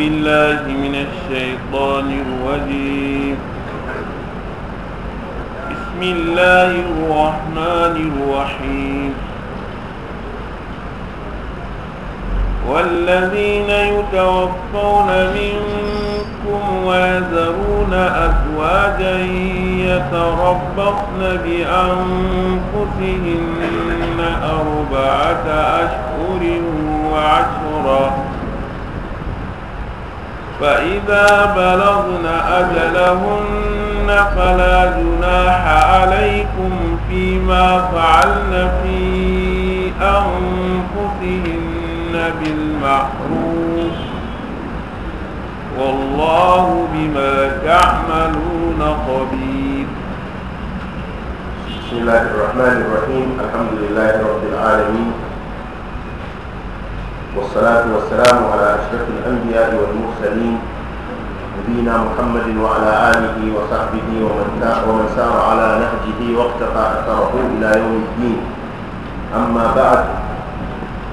بالله من الشيطان الرجيم بسم الله الرحمن الرحيم والذين يتوفون منكم ويذرون أزواجا يتربصن بأنفسهن أربعة أشهر وعشرا فإذا بلغن أجلهن فلا جناح عليكم فيما فعلن في أنفسهن بالمعروف والله بما تعملون خبير بسم الله الرحمن الرحيم الحمد لله رب العالمين والصلاة والسلام على أشرف الأنبياء والمرسلين نبينا محمد وعلى آله وصحبه ومن ومن سار على نهجه واقتفى أثره إلى يوم الدين أما بعد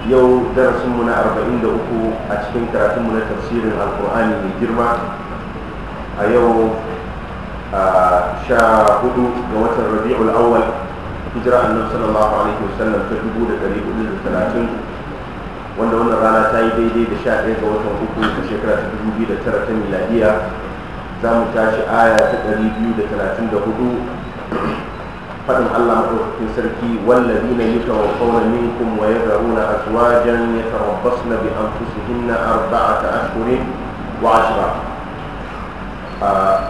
يوم درس من أربعين لأكو أشكين كراتم من تفسير القرآن من جرمى أيو شاهدوا جوات الربيع الأول هجرة النبي صلى الله عليه وسلم تجبوا لتريد 30 wanda wannan rana ta yi daidai da sha ɗaya ga watan uku da shekara ta dubu biyu da tara ta miladiya za mu tashi aya ta ɗari biyu da talatin da hudu faɗin allah maɗaukakin sarki wallazi na yi tawafauna minkum wa ya zaruna azwajan ya na bi an a ta ashirin wa ashira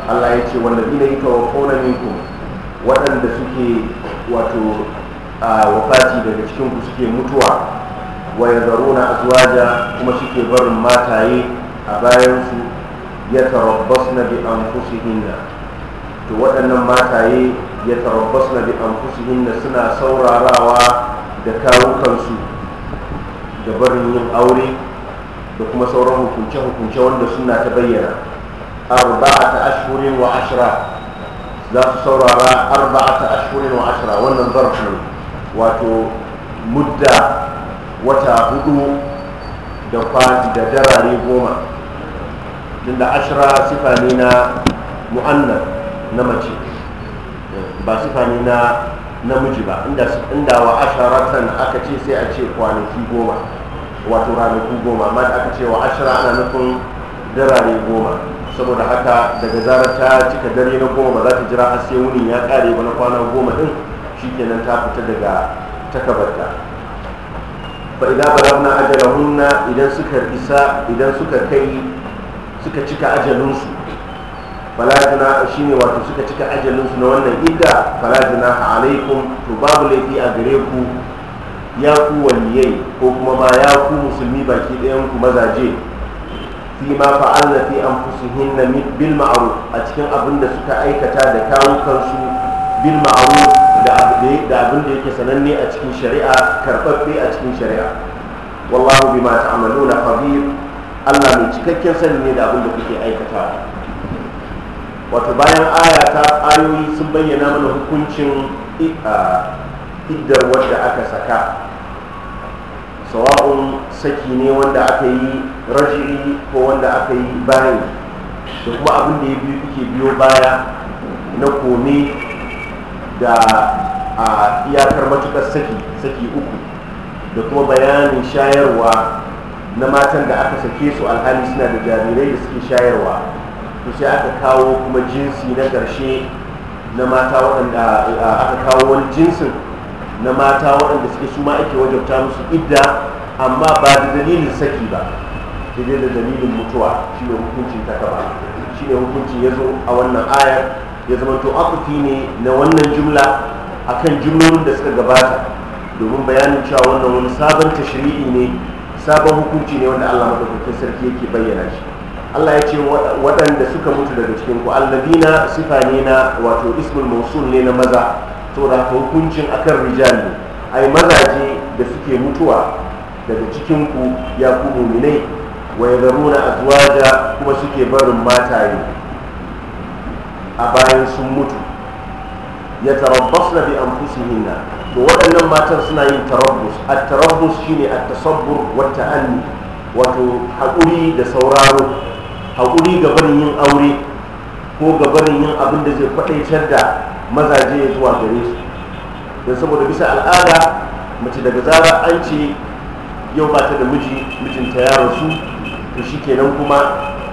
Allah ya ce wanda ina yi min minkum waɗanda suke wato wafati daga cikin ku suke mutuwa wa yadharuna azwaja kuma ke barin mataye a bayan su yatarabbasna bi anfusihinna to waɗannan mataye yatarabbasna bi anfusihinna suna saurarawa da kawukansu da barin yin aure da kuma sauran hukunce-hukunce wanda suna ta bayyana ta ashirin wa ashira za su saurara ta ashirin wa ashira wannan zarf ne wato mudda wata hudu da da darare goma tunda ashira sifa ne na mu'annan na mace ba sifani na namiji ba inda wa asharatan aka ce sai a ce kwanaki goma wato ranaku goma amma da aka ce wa ashira ana nufin darare goma saboda haka daga zarar ta cika dare na goma ba za ta jira a sai wuni ya kare ba na kwana goma din shikenan ta fita daga takabarta fa idza balagna ajalahunna idan suka isa idan suka kai suka cika ajalinsu fala shi ne wato suka cika ajalinsu na wannan idda fala a alaikum to babu laifi a gare ku ya ku waliyai ko kuma ba ya ku musulmi baki ɗayan ku mazaje fi ma fa'alna fi anfusihinna bil ma'ruf a cikin abin da suka aikata da kawukansu bil da abin da yake sananne a cikin shari'a karɓaɓɓe a cikin shari'a wallahu bima ta'maluna khabir Allah mai cikakken sani ne da abin da kuke aikata. wato bayan aya ta ayoyi sun bayyana mana hukuncin iddar wanda aka saka sawa'un saki ne wanda aka yi raji'i ko wanda aka yi bayan da kuma abin da ya biyu kuke biyo baya na kome da a iyakar matukar saki saki uku da kuma bayanin shayarwa na matan da aka sake su alhali suna da jarirai da suke shayarwa to sai aka kawo kuma jinsi na ƙarshe na mata waɗanda aka kawo wani jinsin na mata waɗanda suke suma ake wajabta musu idda amma ba da dalilin saki ba sai dai da dalilin mutuwa shi ne hukuncin takaba shi ne hukuncin ya zo a wannan ayar ya to akufi ne na wannan jumla akan jumlolin da suka gabata domin bayanin cewa wannan wani sabon tashri'i ne sabon hukunci ne wanda Allah madaukakin sarki yake bayyana shi Allah ya ce waɗanda suka mutu daga cikin ku alladina sifa ne na wato ismul mawsul ne na maza saboda haka hukuncin akan rijal ne ai mazaje da suke mutuwa daga cikin ku ya ku mu'minai wa yadharuna azwaja kuma suke barin mataye a bayan sun mutu ya tarabbas na bi anfusihinna to waɗannan matan suna yin tarabbus a tarabbus ne a tasabbur wata ta'anni wato haƙuri da sauraro haƙuri ga barin yin aure ko ga yin abin da zai kwaɗaitar da mazaje zuwa gare su don saboda bisa al'ada mace daga zara an ce yau ba ta da miji mijinta ya rasu to shi kenan kuma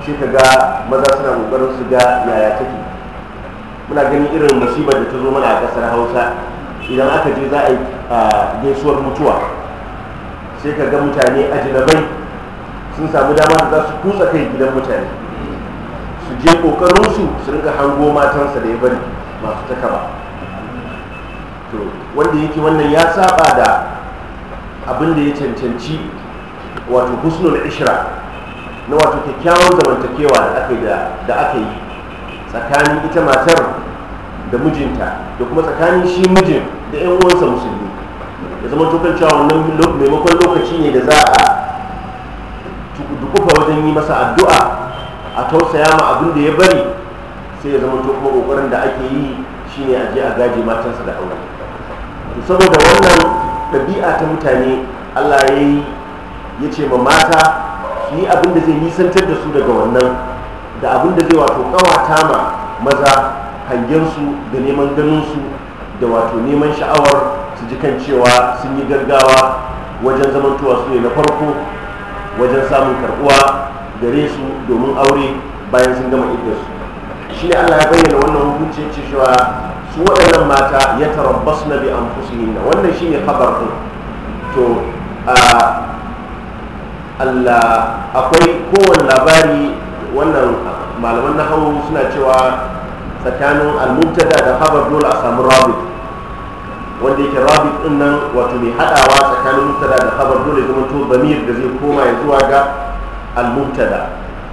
sai ka ga maza suna ƙoƙarin su ga yaya take muna ganin irin musibar da ta zo mana a kasar hausa idan aka je za a yi gaisuwar mutuwa sai ka ga mutane ajinabai sun samu dama da za su kutsa kai gidan mutane su je kokarinsu su rinka hango matansa da ya bari masu takaba to wanda yake wannan ya saba da abin da ya cancanci wato husnul ishra na wato kyakkyawan zamantakewa da aka yi tsakanin ita matar da mijinta da kuma tsakanin shi mijin da 'yan uwansa musulmi ya zama tukar cewa wannan maimakon lokaci ne da za a dukufa wajen yi masa addu'a a tausaya ma abin da ya bari sai ya zama kuma kokarin da ake yi shi ne a je a gaji matansa da aure to saboda wannan ɗabi'a ta mutane Allah ya yi ya ce ma mata su yi abin da zai nisantar da su daga wannan da abin da zai wato kawata ma maza hangensu da neman ganinsu da wato neman sha'awar su ji kan cewa sun yi gargawa wajen zamantowa su ne na farko wajen samun karbuwa gare su domin aure bayan sun gama iddarsu shi ne allah ya bayyana wannan hukunci cewa su waɗannan mata ya tarabbas na bi an fusuhinna wannan shi ne kabar ɗin to allah akwai kowane labari wannan malaman na hau suna cewa tsakanin al-mubtada da khabar dole a samu rabit wanda yake rabit din nan wato mai hadawa tsakanin mubtada da khabar dole zama to damir da zai koma ya zuwa ga al-mubtada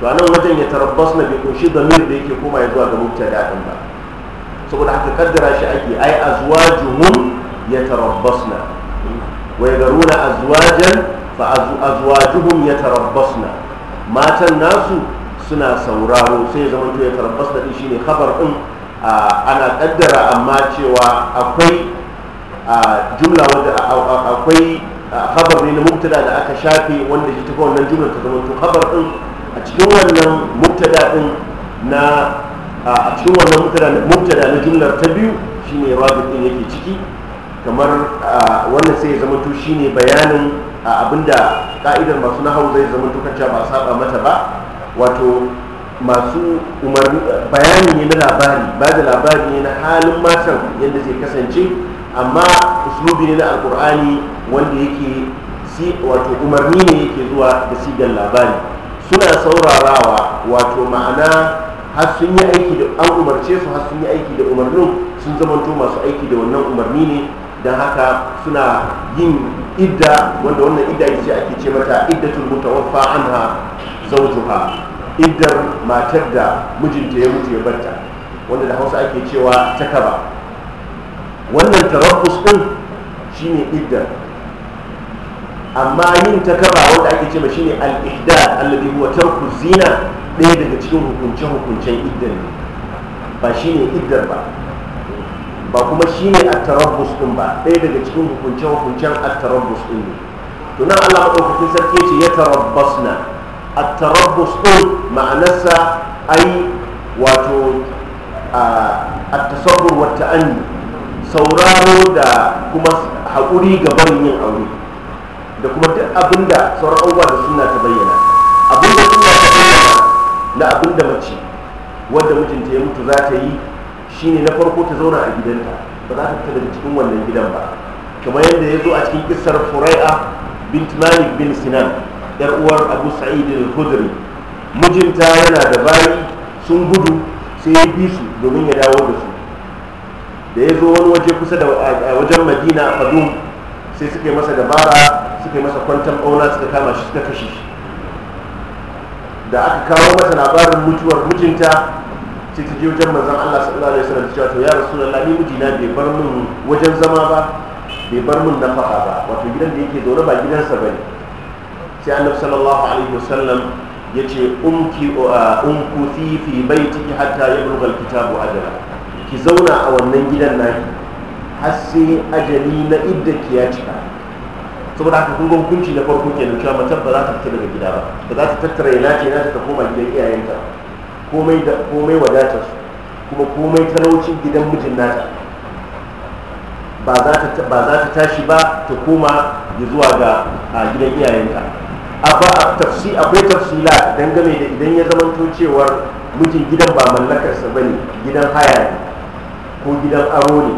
to anan wajen ya tarabbas na bai kunshi damir da yake koma ya zuwa ga mubtada din ba saboda haka kaddara shi ake ai azwajuhum yatarabbasna wa yadruna azwajan fa azwajuhum yatarabbasna matan nasu suna sauraro sai zama to ya tarbas da shi ne khabar din ana kaddara amma cewa akwai jumla wanda akwai khabar ne na mubtada da aka shafe wanda shi tafi wannan jumla ta zama to khabar din a cikin wannan mubtada din na a cikin wannan mubtada mubtada na jumlar ta biyu shine rabit din yake ciki kamar wannan sai ya zama to shine bayanin abinda ka'idar masu nahawu zai zama to kacce ba saba mata ba wato masu bayani ne na labari ba da labari ne na halin matan yadda zai kasance amma usulubi ne na alkur'ani wanda yake wato umarni ne yake zuwa da sigar labari suna saurarawa wato ma'ana har sun yi aiki da an umarce su har sun yi aiki da umarnin sun zamanto masu aiki da wannan umarni ne don haka suna yin idda wanda wannan idda ce ake ce mata iddatul mutawaffa anha zawjuha iddar matar da mijinta ya mutu ya barta wanda da hausa ake cewa ta kaba wannan tarabbus din shine iddar amma yin ta kaba wanda ake cewa shine al-ihdad alladhi huwa tarku zina ɗaya daga cikin hukunce hukuncen iddar ne ba shine iddar ba ba kuma shine at-tarabbus din ba ɗaya daga cikin hukunce hukuncen at-tarabbus din ne to nan Allah madaukakin sarki ya ce ya tarabbasna at-tarabbus din ma'anarsa ai wato at-tasabbur wa ta'anni sauraro da kuma haƙuri ga barin yin aure da kuma abinda sauran abubuwa da suna ta bayyana abinda suna ta bayyana na abinda mace wadda mijinta ya mutu za ta yi shine na farko ta zauna a gidanta ba za ta fita daga cikin wannan gidan ba kamar yadda ya zo a cikin kissar furai'a bint malik bin sinan yar uwar abu sa'id al-khudri mijinta yana da bayi sun gudu sai ya bi su domin ya dawo da su da ya zo wani waje kusa da wajen madina a fadum sai suka masa dabara suka masa kwantan auna suka kama shi suka kashe shi da aka kawo masa labarin mutuwar mijinta sai ta je wajen manzan Allah sallallahu alaihi wasallam cewa to ya rasulullahi ni mijina bai bar min wajen zama ba bai bar min nafaka ba wato gidan da yake zaune ba gidansa bane sai annabi sallallahu alaihi sallam ya ce umki uh, umku fi fi baitiki hatta yablugha alkitabu ajala ki zauna a wannan gidan naki har sai ajali na idda ki ya cika saboda haka kun kunci na farko kenan cewa mace ba za ta fita daga gida ba ba za ta tattara ina ce ta koma gidan iyayenta komai da komai wadatar kuma komai talaucin gidan mijin nata ba za ta tashi ba ta koma zuwa ga gidan iyayenta akwai tafsila dangane da idan ya zamanto cewar mijin gidan ba mallakarsa ba ne gidan haya ne ko gidan aro ne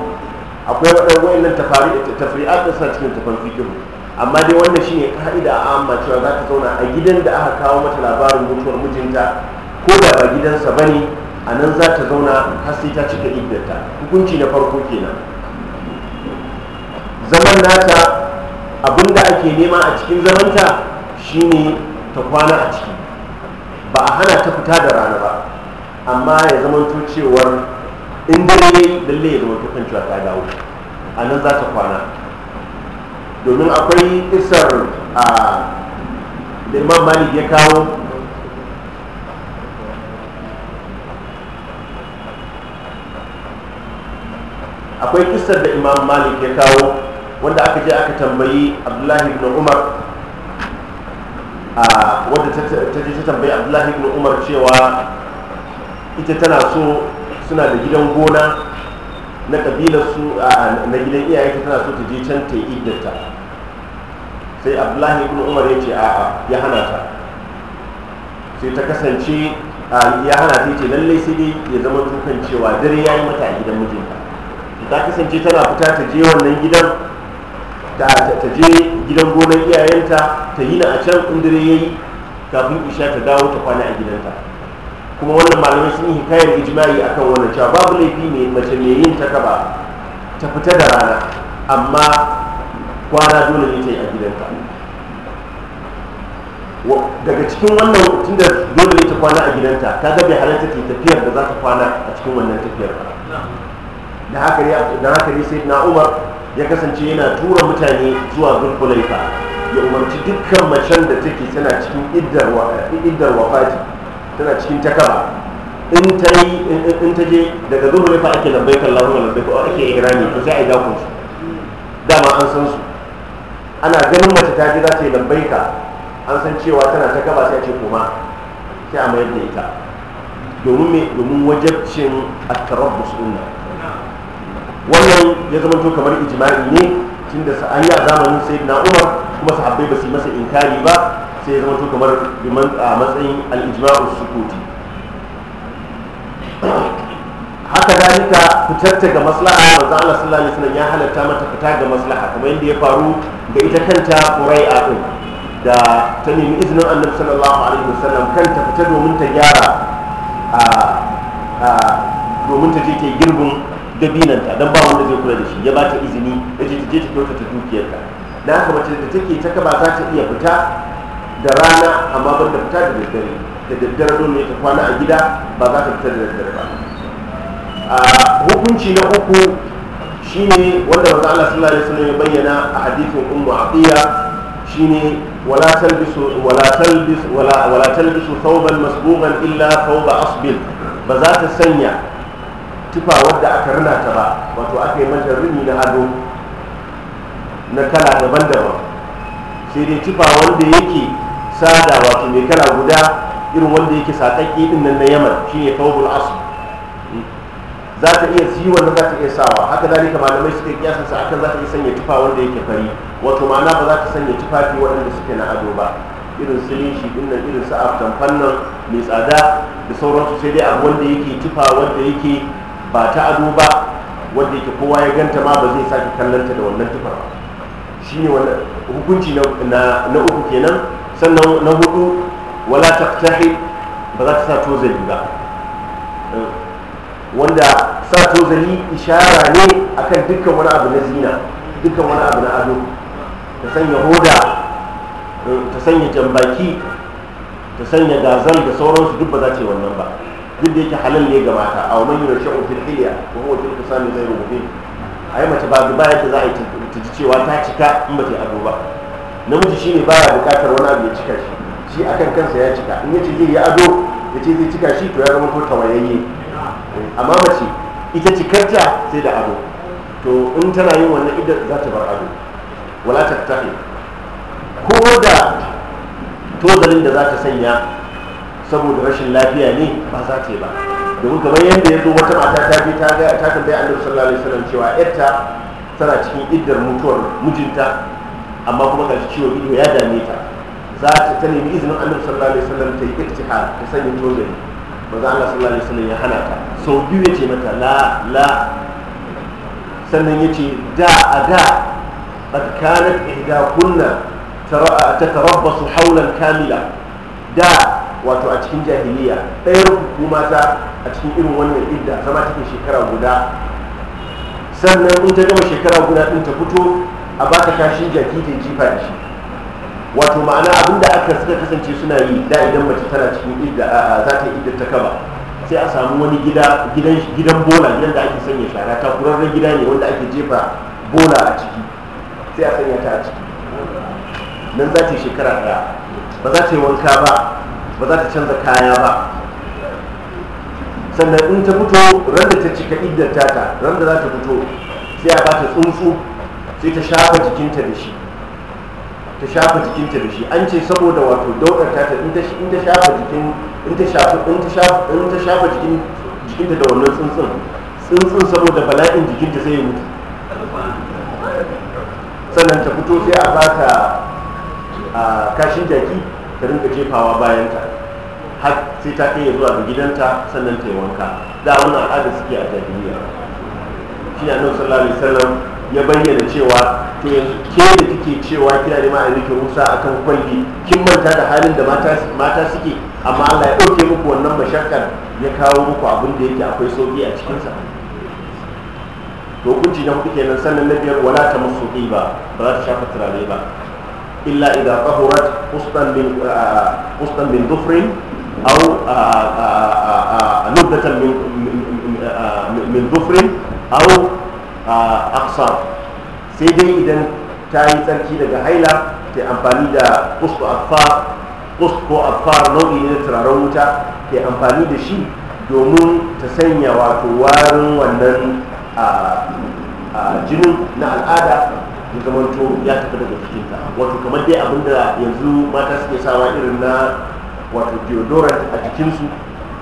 akwai waɗannan tafari da sa cikin tafan fikin amma dai wannan shi ne ka'ida a amma cewa za ta zauna a gidan da aka kawo mata labarin mutuwar mijinta ko da ba gidansa ba ne a nan za ta zauna har sai ta cika iddata hukunci na farko kenan zaman nata abinda ake nema a cikin zamanta shine ta kwana a ciki ba a hana ta fita da rana ba amma ya zama cewar inda dare lalle ya zama kan cewa ta dawo a nan za ta kwana domin akwai isar a da imam malik ya kawo akwai kisar da imam malik ya kawo wanda aka je aka tambayi abdullahi ibn umar a wadda ta je ta tambayi abdullahi ibn umar cewa ita tana so suna da gidan gona na kabilar su na gidan iyaye ta tana so ta je can ta yi ta, sai abdullahi ibn umar ya ce a'a ya hana ta sai ta kasance ya hana ta ce lallai sai dai ya zama dukan cewa dare ya yi mata a gidan mijinta ta kasance tana fita ta je wannan gidan ta je gidan gonar iyayenta ta yi na a can indire ya yi kafin isha ta dawo ta kwana a gidanta kuma wannan malamai sun yi hikayar a kan wannan cewa babu laifi ne mace mai yin ta kaba ta fita da rana amma kwana dole ne ta yi a gidanta daga cikin wannan tunda dole ne ta kwana a gidanta ta ga bai halatta ke tafiyar da za ta kwana a cikin wannan tafiyar ba da haka ne sai na umar ya kasance yana tura mutane zuwa zurkulaifa ya umarci dukkan macen da take tana cikin iddar wafati tana cikin takaba in ta yi in ta je daga zurkulaifa ake lambai kan wa lambai ko ake irani ko sai a yi dakon su dama an san su ana ganin mace ta ji za ta yi lambai ka an san cewa tana takaba sai a ce koma sai a mayar da ita domin wajabcin a tarabbus din wannan ya zama to kamar ijma'i ne tunda sa an yi a zamanin sayyidina umar kuma sahabbai ba su masa inkari ba sai ya zama to kamar a matsayin al-ijma'u sukuti haka zalika fitar ta ga maslaha manzo Allah sallallahu alaihi ya halatta mata fita ga maslaha kamar yadda ya faru ga ita kanta a ɗin da ta nemi izinin Annabi sallallahu alaihi wasallam kanta fita domin ta gyara domin ta je ke girbin dabinanta don ba wanda zai kula da shi ya ba ta izini ya ce je ta ta dukiyarta da haka mace da take ta kaba za ta iya fita da rana amma ban da fita da daddare da daddare ne ta kwana a gida ba za ta fita da daddare ba a hukunci na uku shine wanda manzo Allah sallallahu alaihi wasallam ya bayyana a hadithin ummu aqiya shine wala talbisu wala talbisu wala wala talbisu thawban masbuban illa thawba asbil ba za ta sanya tufa wadda aka rina ta ba wato aka yi mata rini na ado na kala daban-daban sai dai tufa wanda yake sada wato mai kala guda irin wanda yake saƙaƙe ɗin nan na yaman shine faubul asu za ta iya siyi wanda za ta iya sawa haka ka malamai suke kiyasa sa akan za ta iya sanya tufa wanda yake fari wato ma'ana ba za ta sanya fi waɗanda suke na ado ba irin su shi din nan irin su aftan fannan mai tsada da sauransu sai dai abu wanda yake tufa wanda yake ba ta ado ba wanda yake kowa ya ganta ma ba zai sake kallonta da wannan tufar ba shi ne hukunci na uku kenan sannan na hudu wala taftahi ba za ta sa tozali ba wanda sa tozali ishara ne akan dukkan wani abu na zina dukkan wani abu na ado ta sanya hoda ta sanya jambaki ta sanya gazal da sauransu duk ba za ta yi wannan ba duk da yake halal ne ga mata a wani wa man yurashu fil kuma wa huwa fil zai rubutu a yi mace ba ba yake za a yi ta ji cewa ta cika in ba ta yi ado ba namiji shi shine baya bukatar wani abu ya cika shi shi a kan kansa ya cika in yace zai yi ado ya ce zai cika shi to ya zama ko tawayayye amma mace ita cikarta sai da ado to in tana yin wannan idan za ta bar ado wala ta tafi ko da tozalin da za ta sanya saboda rashin lafiya ne ba za ta yi ba domin kamar yadda ya zo wata mata ta fi ta ga ta tambaya annabi sallallahu alaihi wasallam cewa yarta tana cikin iddar mutuwar mijinta amma kuma ga ciwo ido ya dame ta za ta ta nemi izinin annabi sallallahu alaihi wasallam ta yi iktihar ta sanya ba za Allah sallallahu alaihi wasallam ya hana ta sau biyu ya ce mata la la sannan ya ce da a da قد كانت ta rabba تتربص حولا كاملا da wato a cikin jahiliya ɗaya hukuma mata a cikin irin wannan idda zama cikin shekara guda sannan in ta gama shekara guda ɗin ta fito a baka kashin jaki ta jifa da shi wato ma'ana abinda aka suka kasance suna yi da idan mace tana cikin idda za ta idda ta kaba sai a samu wani gida gidan gidan bola gidan da ake sanya shara ta kurarren gida ne wanda ake jefa bola a ciki sai a sanya ta a ciki nan za ta yi shekara ɗaya ba za ta yi wanka ba ba za ta canza kaya ba sannan in ta fito ran da ta cika idan tata ran da za ta fito sai a bata tsuntsu sai ta shafa jikinta da shi ta shafa jikinta da shi an ce saboda wato daudar tata in ta shafa jikin in ta shafa in ta shafa in ta shafa jikin jikinta da wannan tsuntsun tsuntsun saboda bala'in jikinta zai mutu sannan ta fito sai a bata kashin jaki ta rinka jefawa bayan ta har sai ta iya zuwa ga gidanta sannan ta yi wanka da wannan al'ada suke a jahiliya shi ne annabi sallallahu alaihi wasallam ya bayyana cewa to yanzu ke da kike cewa kina neman a miki musa akan kwalli kin manta da halin da mata mata suke amma Allah ya dauke muku wannan mashakkar ya kawo muku abin da yake akwai sauki a cikin sa to hukunci na hudu nan sannan na biyar wala ta musu ba ba za ta shafa turare ba illa idza qahurat qustan bin qustan dufrin أو لبة من من ظفر أو أقصر سيدي إذا تاي تركي لك هيلا تأمباني دا قسط أطفار قسط كو أطفار نوعي نترى روتا تأمباني دا شيء domin ta sanya wato warin wannan jinin na al'ada ya ya tafi daga cikinta wato kamar dai abinda yanzu mata suke sawa irin na wato deodorant a jikinsu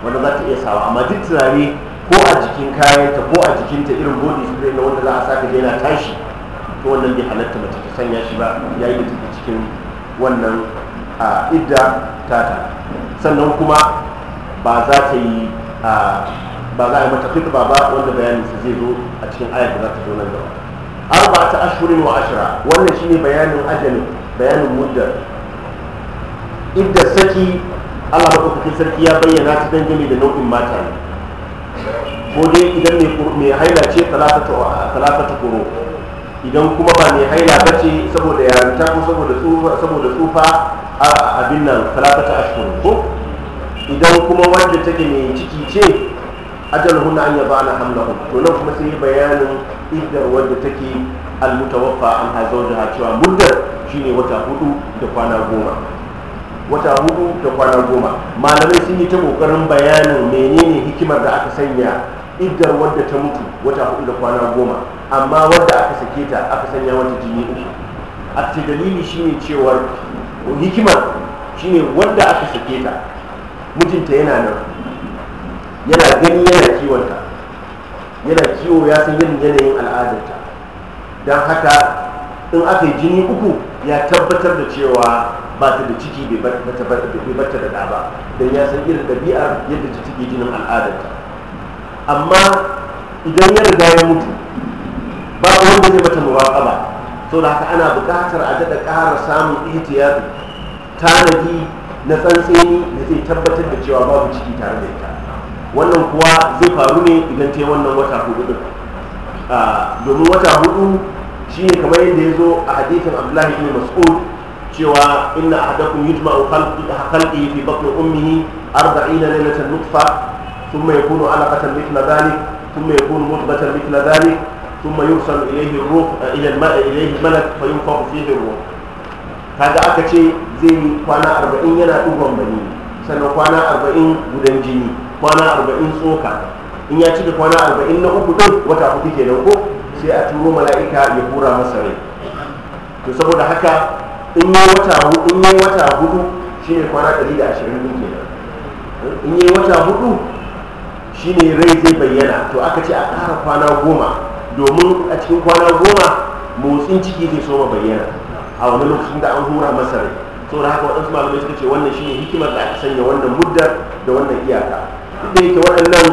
wanda za ta iya sawa amma duk tunani ko a jikin kayanta ko a jikinta irin body spray na wanda za a saka yana tashi to wannan bai halatta mace ta sanya shi ba ya da take cikin wannan a idda tata sannan kuma ba za ta yi ba za a yi mata fitba ba wanda bayanin su zai zo a cikin ayar da za ta zo nan gaba arba ta ashirin wa ashira wannan shine bayanin ajalin bayanin muddar idda saki Allah maɗaukakin sarki ya bayyana ta dangane da nau'in mata ne ko dai idan mai haila ce ta kuro idan kuma ba mai haila ba ce saboda yaranta ko saboda tsufa a abin nan ta ashirin ko idan kuma wanda take mai ciki ce ajal huna an yaba ana hamlahu to nan kuma sai bayanin iddar wanda take almutawaffa an hazo da cewa muddar shine wata hudu da kwana goma wata hudu da kwana goma malamai sun yi ta kokarin bayanin menene hikimar da aka sanya iddar wadda ta mutu wata hudu da kwana goma amma wadda aka sake ta aka sanya wata jini uku a ce dalili shine cewar hikimar shine wadda aka sake ta mijinta yana nan yana gani yana kiwonta yana kiwo ya san yin yanayin al'adarta don haka in aka yi jini uku ya tabbatar da cewa ba ta da ciki bai barta da ɗa ba don ya san irin ɗabi'ar yadda ta take jinin al'adarta amma idan ya riga ya mutu ba wanda zai mata ba, to da haka ana buƙatar a daɗa ƙara samun ihtiyar tanadi na tsantseni da zai tabbatar da cewa babu ciki tare da ita wannan kuwa zai faru ne idan ta wannan wata hudu ɗin ah, domin wata hudu shi ne kamar yadda ya zo a hadithin abdullahi ibn mas'ud cewa inna ahadakum yujma'u khalqihi fi batni ummihi 40 laylatan nutfa thumma yakunu 'alaqatan mithla dhalik thumma yakunu mudghatan mithla dhalik thumma yursal ilayhi ruh eh, ila al ilayhi malak fa yunfakhu fihi ruh kaga aka ce zai yi kwana 40 yana duban bani sannan kwana 40 gudan jini kwana 40 tsoka in ya cika kwana 40 na uku din wata hudu kenan ko sai a turo mala'ika ya kura masa rai to saboda haka in yi wata hudu in yi kwana 120 kenan in yi wata hudu shine rai zai bayyana to aka ce a ƙara kwana goma domin a cikin kwana goma motsin ciki zai soma bayyana a wani lokacin da an hura masa rai da haka waɗansu malamai suka ce wannan shine hikimar da aka sanya wannan muddar da wannan iyaka da yake waɗannan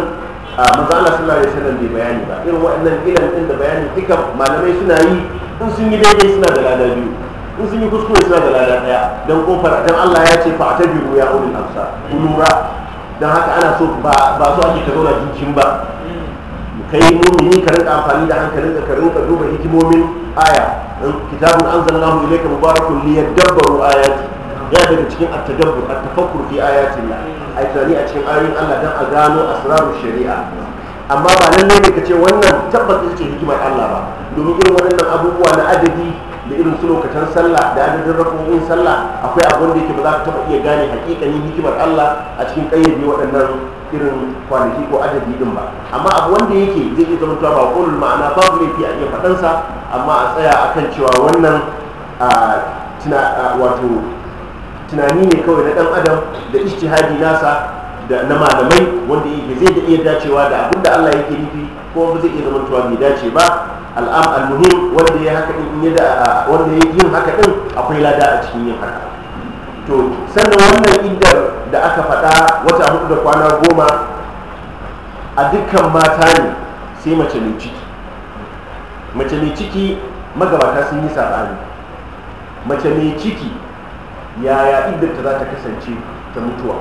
a Allah suna da sanar bai bayani ba irin waɗannan ilan ɗin da bayani duka malamai suna yi in sun yi daidai suna da lada biyu in sun yi kuskure suna da lada daya don kofar don Allah ya ce fa'ata ta biyu ya ulil amsa ku lura don haka ana so ba so ake ka zauna jinkin ba kai mumini ka rinka amfani da hankalin ka rinka duba hikimomin aya kitabun anzalallahu ilayka mubarakun liyadabbaru ayati ya daga cikin at-tadabbur at-tafakkur fi a ai tani a cikin ayoyin Allah dan a gano asrarul shari'a amma ba lalle ne ka ce wannan tabbata ce hikimar Allah ba domin irin waɗannan abubuwa na adadi. da irin su lokacin sallah da adadin rakonin sallah akwai abin da yake ba za ka taba iya gane hakikanin hikimar Allah a cikin kayyade waɗannan irin kwanaki ko adadi din ba amma abu wanda yake zai iya zama ba kulul ma'ana babu laifi a iya faɗansa amma a tsaya akan cewa wannan wato tunani ne kawai na ɗan adam da ishtihadi nasa da na malamai wanda yake zai da iya dacewa da abin da Allah yake nufi ko ba zai iya zama bai dace ba al'am al wanda ya haka in da wanda ya yin haka din akwai lada a cikin yin haka to sannan wannan iddar da aka faɗa wata hudu da kwana goma a dukkan mata ne sai mace mai ciki mace mai ciki magabata sun yi saɓani mace mai ciki yaya ta za ta kasance ta mutuwa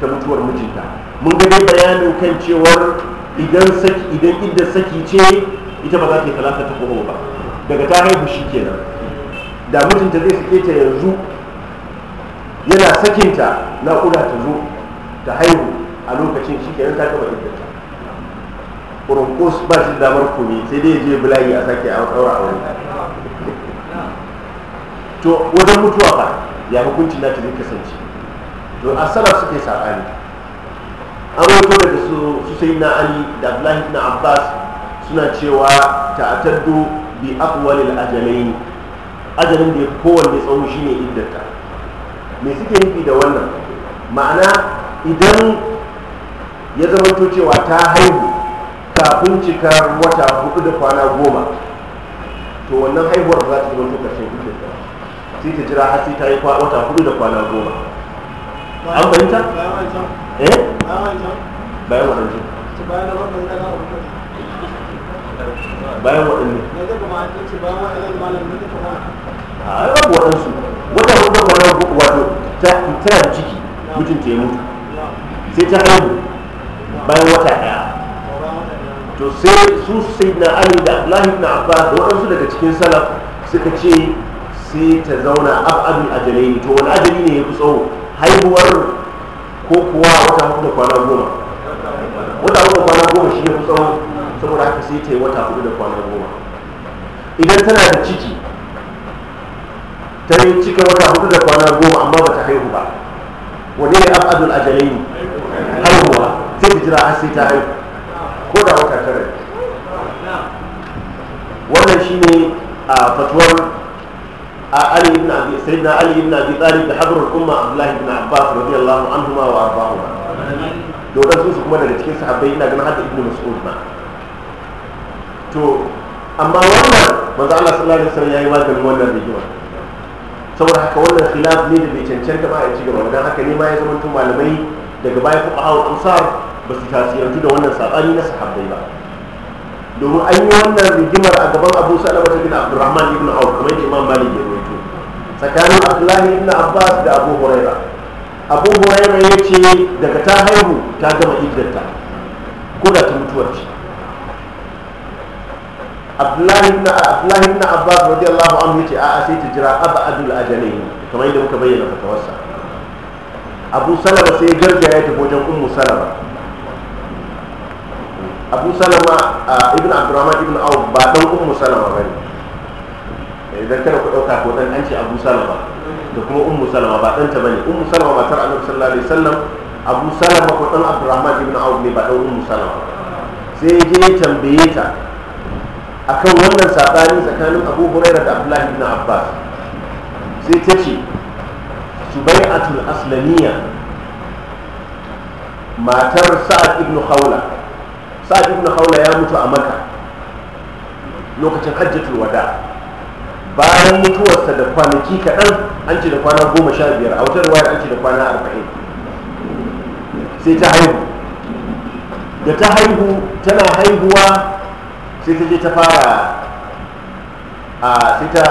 ta mutuwar mijinta mun ga bayanin kan cewar idan saki idan iddar saki ce ita ba za ta yi talaka ta kuma ba daga ta haihu shi kenan da mutunta zai sake ta yanzu yana sakinta na'ura ta zo ta haihu a lokacin shi kenan ta gama iddata kurunkus ba shi damar kome sai dai je bulayi a sake a tsaura a wani to wajen mutuwa ba ya hukunci na ta kasance to asala suke saɓani an wato daga su sai na ali da abdullahi na abbas suna cewa ta'taddu bi aqwalil ajalain ajalin da kowanne tsawo shine iddata me suke nufi da wannan ma'ana idan ya zama to cewa ta haihu kafin cika wata hudu da kwana goma to wannan haihuwar za ta zama karshen iddata sai ta jira har sai ta yi wata hudu da kwana goma an fahimta? eh? bayan wancan bayan wancan bayan waɗanne a rabu waɗansu wata hudu kwana wato tana da ciki ta ya mutu sai ta haihu bayan wata ɗaya to sai su sai na ali da abdullahi na abbas da waɗansu daga cikin salaf suka ce sai ta zauna abu-abu a jalai to wani ajali ne ya fi tsawo haihuwar ko kuwa wata hudu kwana goma wata hudu kwana goma shi ya fi tsawo saboda haka sai ta yi wata hudu da kwana goma idan tana da ciki ta yi cika wata hudu da kwana goma amma ba ta haihu ba wani ne abadul ajalai ne haihuwa zai ta jira har sai ta haihu ko da wata tare wannan shine a fatuwar a علي بن ابي سيدنا علي بن ابي طالب بحضر الامه عبد الله بن عباس رضي الله عنهما وارضاهما sun su kuma daga cikin sahabbai ina ganin hada ibn mas'ud ma to amma wannan manzo Allah sallallahu alaihi wasallam yayi maganin wannan rigimar saboda haka wannan khilaf ne da bai cancanta ba a ci gaba dan haka ne ma ya zama tun malamai daga baya fuqaha hawa ansar ba su tasirantu da wannan sabani na sahabbai ba domin an yi wannan rigimar a gaban Abu Salama bin Abdurrahman ibn Auf kamar yadda Imam Malik ya rawaito tsakanin Abdullahi ibn Abbas da Abu Huraira Abu Huraira ya ce daga ta haihu ta gama iddarta ko da ta mutuwar ce abdullahi ibn abdullahi ibn abbas radiyallahu anhu yace a'a sai ta jira Aba abadul ajalain kamar yadda muka bayyana wasa abu salama sai garja ya tafi wajen ummu salama abu salama ibn abdurrahman ibn auf ba dan ummu salama bane idan eh, kana ku dauka ko dan an ce abu salama da kuma ummu salama ba danta bane ummu salama matar annabi sallallahu alaihi wasallam abu salama ko dan abdurrahman ibn auf ne ba dan ummu salama sai ya je tambaye ta akan wannan saɓani tsakanin abu huraira da abdullahi ibn abbas sai ta ce su bai subai'atul aslamiyya matar sa'ad ibn haula. sa'ad ibn haula ya mutu a maka lokacin hajjatul wada bayan mutuwarsa da kwanaki kaɗan an ce da kwana goma sha biyar a wutar waya an ce da kwana arba'in sai ta haihu da ta haihu tana haihuwa sai ta je ta fara a sai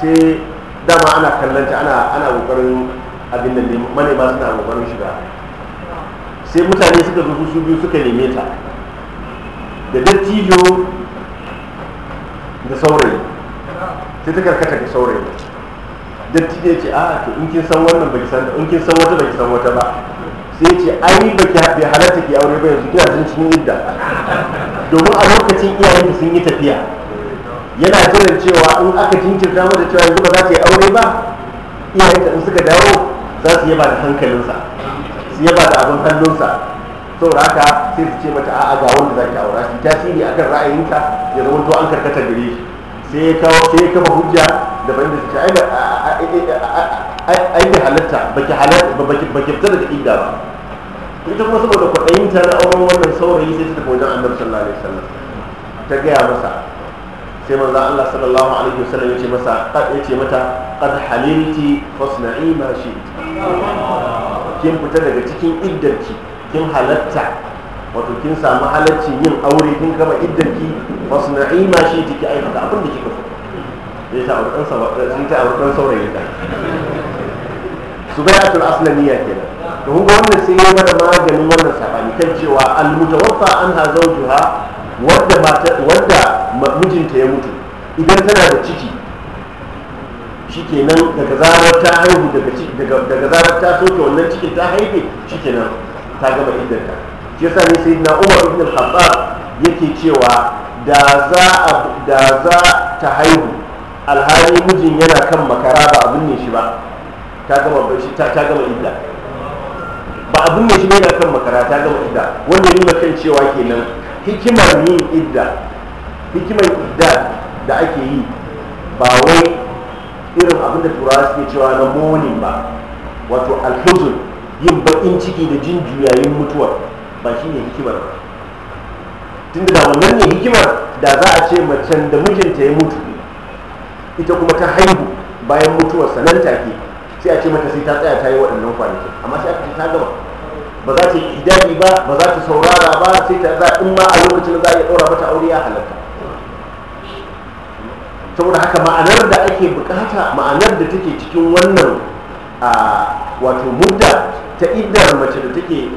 sai dama ana kallanta ana ana kokarin abin da mane ba suna kokarin shiga sai mutane suka zo su biyu suka neme ta da dattijo da saurayi sai ta karkata ga saurayi dattijo ce a ah, to in kin san wannan baki san in kin san wata baki san wata ba sai ce ai baki bai halatta ki aure ba yanzu kina jin cikin idda domin a lokacin iyayenta sun yi tafiya yana jiran cewa in aka jinkirta mata cewa yanzu ba za ta yi aure ba iyayenta in suka dawo za su yaba da hankalinsa su yaba da abin hannunsa saboda haka sai su ce mata a'a ga wanda za ki aura shi tasiri kan ra'ayinka ya zama to an karkata gare shi sai ya kawo sai ya kafa hujja da bayan da ta ai ba halatta baki halatta ba baki fita daga inda ba ita kuma saboda kwaɗayin ta na auren wannan saurayi sai ta tafi wajen annabi sallallahu alaihi wasallam ta gaya masa sai manzo Allah sallallahu alaihi wasallam ya ce masa ya ce mata qad halinti fasna'i ma shi'ti kin fita daga cikin iddarki kin halatta wato kin samu halacci yin aure kin gama iddarki fasna'i ma shi'ti ki aikata abin da kika so sai ta aure dan saurayi ta subai'atul aslamiyya kenan to kun ga wannan sai ya mana maganin wannan sabani kan cewa al-mutawaffa anha zawjuha wadda mata wadda mijinta ya mutu idan tana da ciki shikenan daga zarar ta haihu daga daga daga zarar ta soke wannan cikin ta haife shikenan ta gama ta shi yasa ne sayyidina Umar ibn al-Khattab yake cewa da za da za ta haihu alhali mijin yana kan makara ba abin ne shi ba ta gama bashi ta gama idda ba abun binne shi ne kan makara ta gama idda wanda nuna kan cewa kenan hikimar yin idda hikimar idda da ake yi ba wai irin abin da turawa suke cewa na moni ba wato alhuzun yin baƙin ciki da jin juyayin mutuwar ba shi ne hikimar tun da wannan ne hikimar da za a ce macen da mijinta ya mutu ita kuma ta haihu bayan mutuwar sananta take sai a ce mata sai ta tsaya ta yi waɗannan kwanaki amma sai aka ce ta gama ba za ta yi idani ba ba za ta saurara ba sai ta za in ma a lokacin za a iya ɗora mata aure ya halatta saboda haka ma'anar da ake bukata ma'anar da take cikin wannan wato mudda ta idar mace da take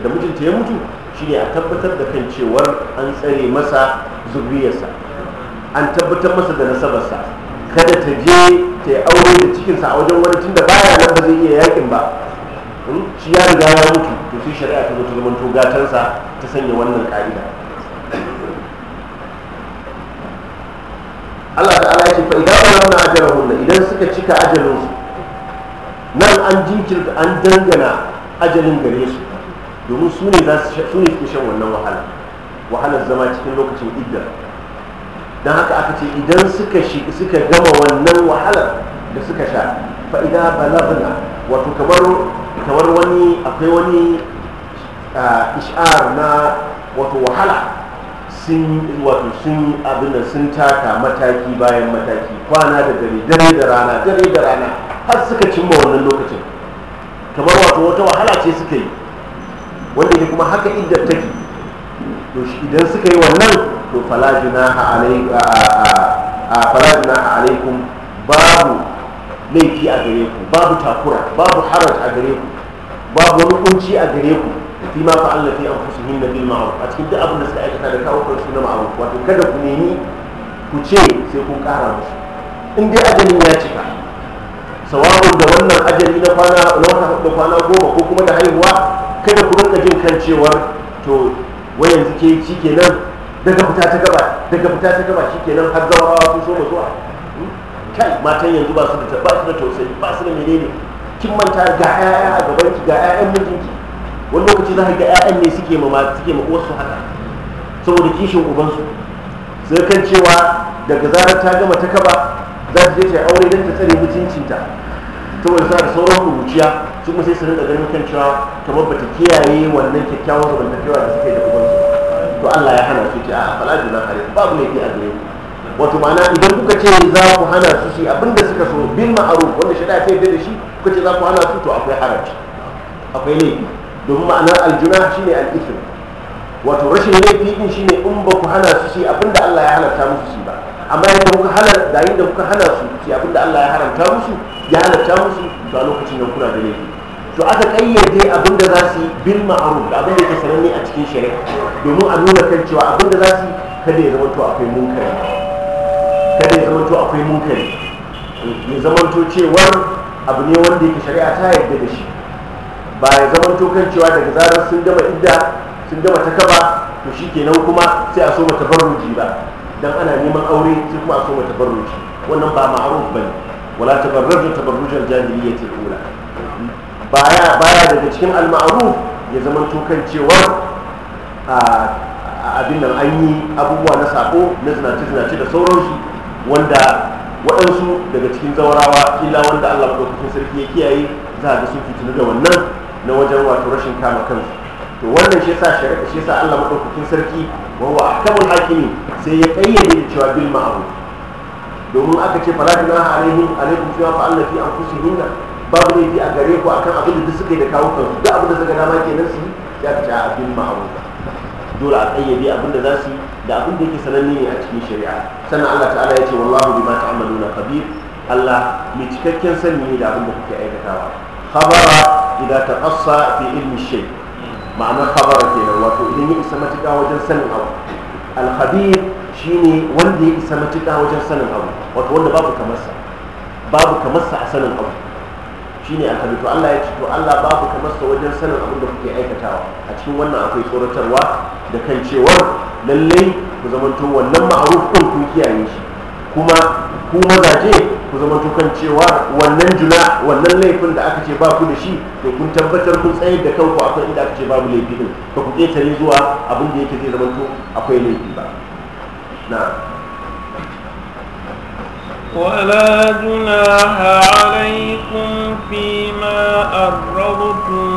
da mijinta ya mutu shine a tabbatar da kan cewar an tsare masa zuriyarsa an tabbatar masa da nasabarsa kada ta je ta yi aure da cikinsa a wajen wani tunda baya nan ba zai iya yakin ba hmm? shi ya riga ya mutu to sai shari'a ta zo ta zama to gatansa ta sanya wannan ka'ida Allah ta'ala ya ce fa idan wannan idan suka cika ajalin su nan an jinkirta an dangana ajalin gare su domin su ne za su ne suke shan wannan wahala wahalar zama cikin lokacin iddar don haka aka ce idan suka suka gama wannan wahalar da suka sha fa'ida idan wato kamar wani akwai wani ish'ar na wato wahala sun wato sun abin sun taka mataki bayan mataki kwana da dare dare da rana dare da rana har suka cimma wannan lokacin kamar wato wata wahala ce suka yi wanda kuma haka idda take to idan suka yi wannan to fala a alaikum babu laifi a gare ku babu takura babu haraj a gare ku babu wani kunci a gare ku fi ma fa Allah fi anfusihim na bil ma'ruf a cikin duk abin da suka aikata da kawo kansu na ma'ruf wato kada ku nemi ku ce sai kun kara musu in dai ajalin ya cika sawabu da wannan ajali na kwana na wata da kwana goma ko kuma da haihuwa kada ku rinka jin kan cewar to wai yanzu ke shi kenan daga fita ta gaba daga fita ta gaba shi kenan har zawarawa sun soma zuwa hmm? kai matan yanzu ba su da ba su da tausayi ba su da menene kin manta ga ƴaƴa a gaban ki ga ƴaƴan mijinki wani lokaci za ka ga ƴaƴan ne suke ma suke ma uwarsu haka saboda kishin ubansu sai kan cewa daga zarar ta gama ta kaba za ta je ta aure don ta tsare mutuncinta saboda suna da sauran kuruciya su kuma sai su rinka ganin kan cewa ta babbata kiyaye wannan kyakkyawan zamantakewa da suke da ubansu to Allah ya hana su ce a fala juna hare babu laifi a gare ku wato ma'ana idan kuka ce za ku hana su shi abinda suka so bil ma'aru wanda da ta bai da shi kuka ce za ku hana su to akwai haraji akwai laifi domin ma'anar aljuna shine al wato rashin laifi din shine in ba ku hana su shi abinda Allah ya halatta musu amma yadda kuka hana, da yin da kuka hana su ce abinda Allah ya haramta musu ya halatta musu to a lokacin nan kuna da laifi to aka kayyade abinda za su yi bil ma'ruf da abinda yake sananne a cikin shari'a domin a nuna kan cewa abinda za su yi kada ya zama to akwai munkari kada ya zama to akwai munkari ya zama to cewar abu ne wanda yake shari'a ta yarda da shi ba ya zama to kan cewa daga zarar sun gama idda sun gama takaba to shikenan kuma sai a so mata barruji ba dan ana neman aure sai kuma a so mata barruci wannan ba ma'aruf bane wala tabarraju tabarrujal jahiliyyati al baya baya daga cikin al ya zama to kan cewa a abin nan an yi abubuwa na sako na zinace zinace da sauransu wanda waɗansu daga cikin zaurawa illa wanda Allah madaukakin sarki ya kiyaye za a ga sun fitinu da wannan na wajen wato rashin kama kansu to wannan shi yasa shari'a shi yasa Allah madaukakin sarki wa huwa hakimi sai ya kayyade da cewa bil ma'ruf domin aka ce fala tunaha alaihim alaikum fi ma Allah fi anfusihim babu laifi a gare ku akan abin da duk suka yi da kawo kansu duk abin da suka dama kenan su ya ta a bil ma'ruf dole a kayyade abin da za su da abin da yake sananne ne a cikin shari'a sannan Allah ta'ala ya ce wallahu bima ta'maluna khabir Allah mai cikakken sani ne da abin da kuke aikatawa khabara idan taqassa fi ilmi shay' ma'anar khabara kenan wato idan ya isa matuƙa wajen sanin abu alhabir ne wanda ya isa matuƙa wajen sanin abu wato wanda babu kamarsa babu kamarsa a sanin abu shine alhabir to Allah ya ce to Allah babu kamarsa wajen sanin abu da kuke aikatawa a cikin wannan akwai tsoratarwa da kan cewar lallai ku zamanto wannan ma'aruf ɗin kun kiyaye shi kuma ku mazaje ku zama tukan cewa wannan juna wannan laifin da aka ce ba ku da shi to kun tabbatar kun tsayar da kanku akwai inda aka ce babu laifi din ba ku tare zuwa abin da yake zai zama to akwai laifi ba na ولا جناح عليكم فيما أرضتم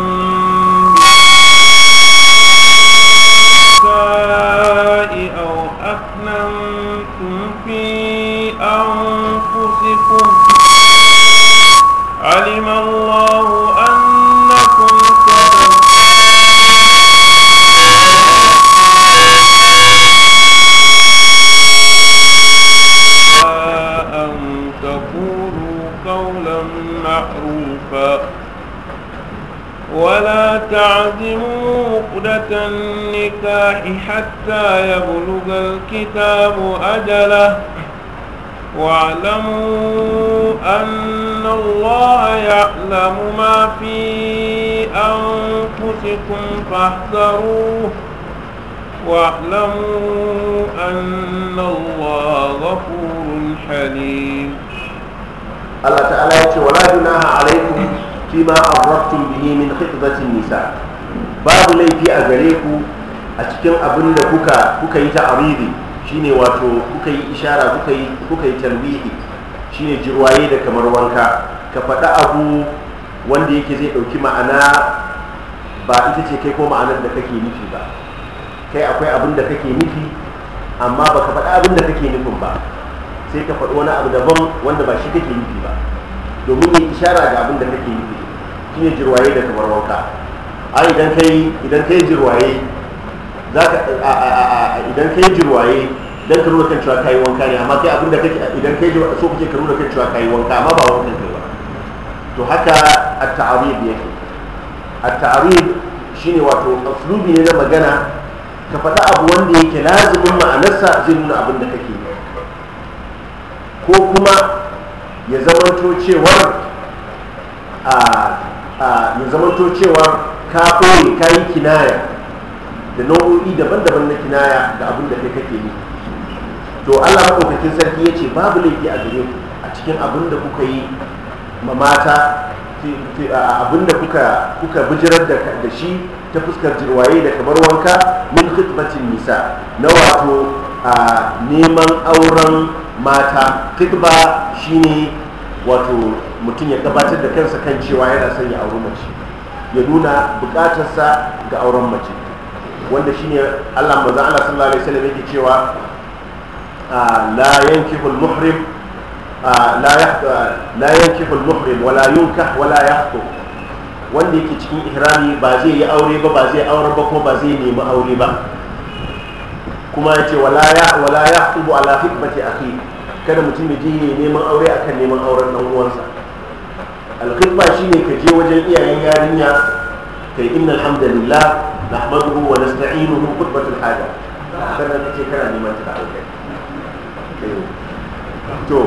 يبلغ الكتاب أجله واعلموا أن الله يعلم ما في أنفسكم فاحذروه واعلموا أن الله غفور حليم الله تعالى ولا جناح عليكم فيما أفرقتم به من خطبة النساء باب لي في أجريكم a cikin abin da kuka kuka yi ta'aridi shine wato kuka yi ishara kuka yi kuka yi ne shine jirwaye da kamar wanka ka faɗi abu wanda yake zai ɗauki ma'ana ba ita ce kai ko ma'anar da kake nufi ba kai akwai abin da kake nufi amma ba ka faɗi abin da kake nufin ba sai ka faɗi wani abu daban wanda ba shi kake nufi ba domin yi ishara ga abin da kake nufi shine jirwaye da kamar wanka a idan kai idan kai jirwaye idan ka yi jirwaye don ka nuna kan cewa ka yi wanka ne amma sai abin da kake idan ka yi jirwaye so kake ka nuna kan cewa ka yi wanka amma ba wankan kai ba to haka at-ta'arib yake at-ta'arib shine wato aslubi ne na magana ka faɗa abu wanda yake lazimin ma'anarsa zai nuna abin da yi ko kuma ya zamanto cewa a ya zamanto cewa ka koyi ka yi kinaya da nau'o'i daban-daban na kinaya da abin da kai kake yi to allah maɗaukakin sarki ya ce babu laifi a gare ku a cikin abin da kuka yi ma mata abin da kuka bijirar da shi ta fuskar jirwaye da kamar wanka min khitbatin nisa na wato neman auren mata khitba shine wato mutum ya gabatar da kansa kan cewa yana son ya auri mace ya nuna bukatarsa ga auren mace wanda shine Allah manzo Allah sallallahu alaihi wasallam yake cewa ah, la yankihu al-muhrim ah, la ah, la yankihu al-muhrim wala yunkah wala yakhطب wanda yake cikin ihrami ba zai yi aure ba ba zai aure ba ko ba zai nemi aure ba kuma yace wala ya wala yakhطب ala hikmati akhi kada mutum ya je neman aure akan neman auren dan uwansa al-khitba shine ka je wajen iyayen yarinya kai inna alhamdulillah نحمده ونستعينه خطبة الحاجة sannan ta ce kana neman ta da to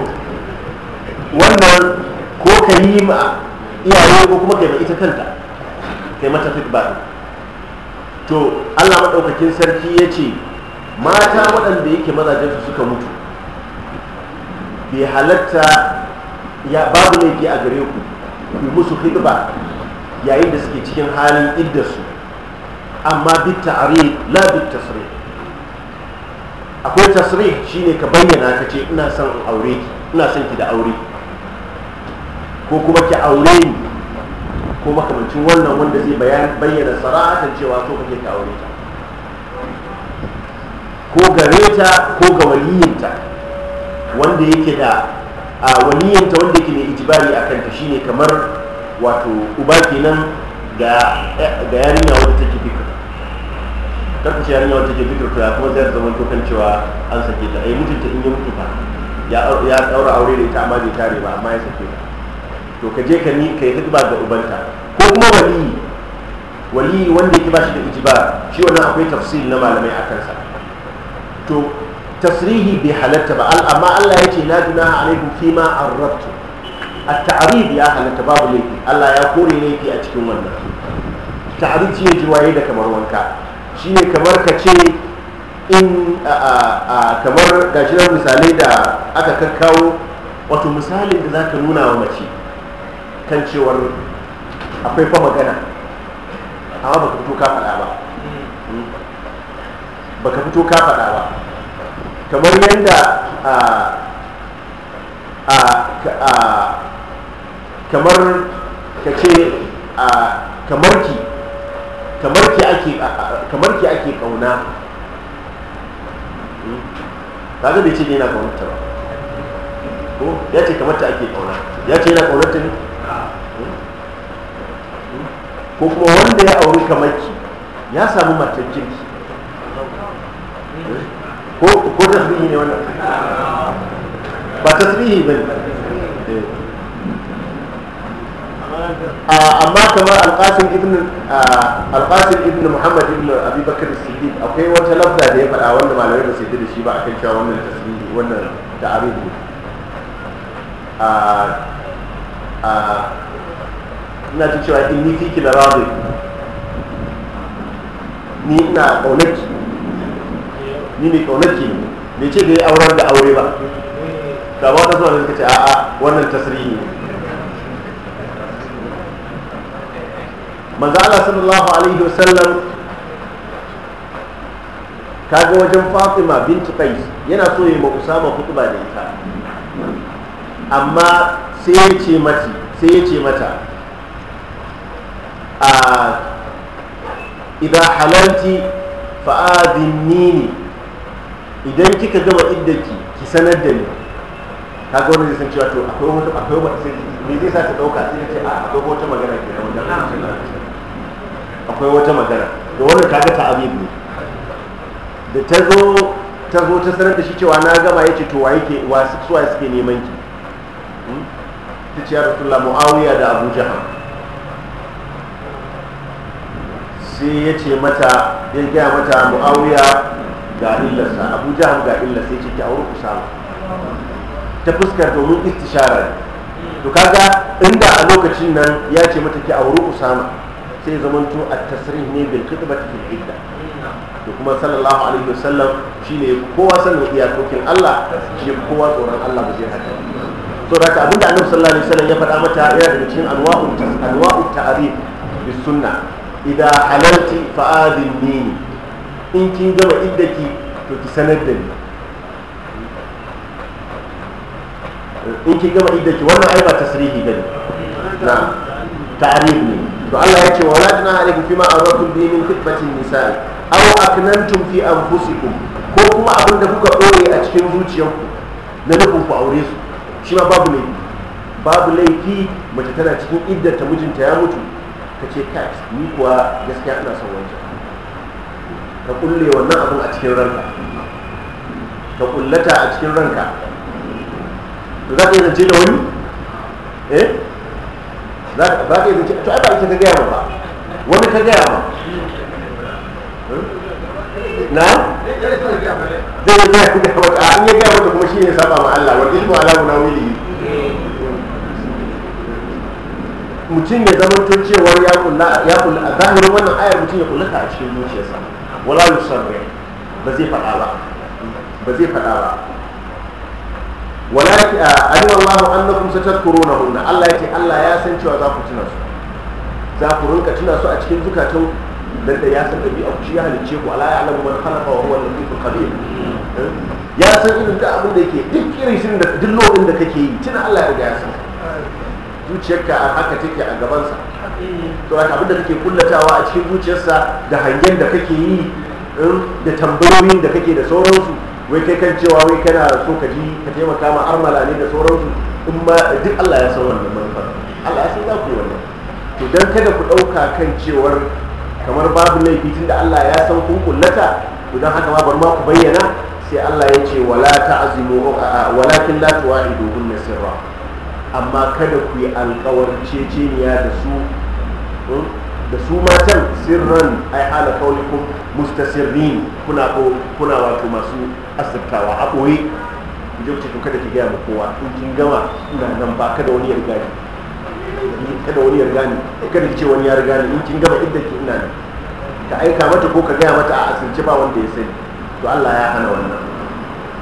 wannan ko ka yi ma iyaye ko kuma kai ita kanta kai mata feedback to Allah maɗaukakin sarki ya ce mata waɗanda yake su suka mutu bai halatta ya babu laifi a gare ku ku musu hidba yayin da suke cikin halin iddarsu amma bi ta'ari la bi tasrih akwai tasrih shine ka bayyana ka ce ina son in aure ki ina son ki da aure ko kuma ki aure ni ko makamancin wannan wanda zai bayyana sara'atan cewa so kake ka aure ta ko gare ta ko ga waliyinta wanda yake da a waliyinta wanda yake mai ijibari a ta shine kamar wato uba kenan ga yarinya wanda take fika karku ce yarinya wata ke bitar ta kuma zai zama to cewa an sake ta ai mutunta in ya mutu ba ya daura aure da ita amma bai tare ba amma ya sake ta to ka je ka ni kai hidima ga ubanta ko kuma wali wali wanda yake ba shi da ijiba shi wannan akwai tafsir na malamai a kansa to tasrihi bai halatta ba amma Allah ya ce na duna alaikum ma arrabtu at-ta'rib ya halatta babu laifi Allah ya kore laifi a cikin wannan ta'rib shi ne jiwaye da kamar wanka shine kamar ka ce in a kamar gashi na misalai da aka kakkawo wato misalin da za ka nuna wa mace kan cewar akwai fa magana amma baka fito ka fada ba hmm. baka fito ka fada ba kamar yadda a kamar ka ce a kamar ki kamar ki ake kauna, ki ake kauna kaga bai ce ne yana kaunarta ba ko ya ce kamar ta ake kauna ya ce yana kaunarta ne hmm? Hmm? ko kuma wanda ya auri kamar ki ya samu matar kirki hmm? ko ta tasbihi ne wannan ba tasbihi ba ne eh. ah, amma kamar alƙasim ibn alƙasir ibn muhammad ibn abi bakar siddiq akwai wata lafza da ya faɗa wanda malamai ba su yi da shi ba akan cewa wannan tasbihi wannan da arubu ina ta cewa in ni fiki da rabu ni ina ƙaunaki ni mai ƙaunaki ne bai ce da ya aurar da aure ba da ba ta zuwa da suka ce a'a wannan tasiri ne manzo Allah sallallahu alaihi wasallam kaga wajen Fatima binti Qais yana so ya ma Usama kutuba da ita amma sai ya ce mata sai ya ce mata a idan halalti nini idan kika gama iddaki ki sanar da ni kaga wani zai cewa to akwai wata akwai wata sai me zai sa ta dauka sai ta ce a akwai wata magana ke da wannan akwai wata magana da wannan ta ga ta'abib ne da ta zo ta zo ta sanar da shi cewa na gama yace to wa yake wa su wa suke neman ki hmm? ta ce ya rasulullah muawiya da abu jahal sai ya ce mata ya gaya mata muawiya ga illarsa abu jahal ga illarsa ya ce ki auri kusa ta fuskar domin istishara to kaga inda a lokacin nan ya ce mata ki auri usama sai zamanto a tasrih ne bil idda to kuma sallallahu alaihi wasallam shine kowa sanin iyakokin Allah shi kowa tsoron Allah ba zai haka to da ka abinda annabi sallallahu alaihi wasallam ya faɗa mata yana daga cikin anwa'u anwa'u ta'rif bis sunna idza halalti in kin gama iddaki to ki sanar da ni in kin gama iddaki wannan ai ba tasrihi bane na ta'rif ne to Allah ya ce wa tana alaikum fima aradtum bihi min khitbatin nisaa aw aknantum fi anfusikum ko kuma abin da kuka ɓoye a cikin zuciyarku na nufin ku aure su shi ma babu laifi babu laifi mace tana cikin iddar ta mijinta ya mutu ka ce kai ni kuwa gaskiya ina son wancan ka kulle wannan abin a cikin ranka ka kullata a cikin ranka za ka yi zance da wani eh za ka ba ka zance to ai ba ita ta gaya ba wani ta gaya ba hmm? na zai yi gaya da wata an yi gaya wata kuma shi ne saba ma Allah wani ilmu ala na wili mutum ya zama to cewar ya kula ya kula a zahirin wannan ayar mutum ya kula ta a cikin zuciyarsa wala yusarri ba zai faɗa ba ba zai faɗa ba a alima Allahu annakum hunna Allah yace Allah ya san cewa za ku tuna su za ku rinka tuna su a cikin zukatan dan da ya san dabi'a ku shi ya halice ku ala alamu man khalaqa wa huwa al-latiful khabir ya san irin da abin da yake duk irin shirin da duk lokacin da kake yi tuna Allah ya ya san zuciyarka a haka take a gabansa to haka abin da kake kullatawa a cikin zuciyarsa da hangen da kake yi da tambayoyin da kake da sauransu wai kai kan cewa wai kana so ka ji ka taimaka ma armala ne da sauransu in ma duk Allah ya san wannan manufar Allah ya san za ku yi wannan to dan kada ku ɗauka kan cewar kamar babu laifi da Allah ya san kun kullata to dan haka ba bar ma ku bayyana sai Allah ya ce wala ta'zimu walakin la bin sirra amma kada ku yi alƙawarin ceceniya da su hmm, da su matan sirran ai ala kaulikum mustasirrin kuna ko kuna wato masu asirtawa a ɓoye ku ku ce to kada ki gaya ma kowa in kin gama ina nan ba kada wani ya riga ni kada wani ya riga ni kada ki ce wani ya riga ni in kin gama idan ki ina nan ka aika mata ko ka gaya mata a asirce ba wanda ya sani to Allah ya hana wannan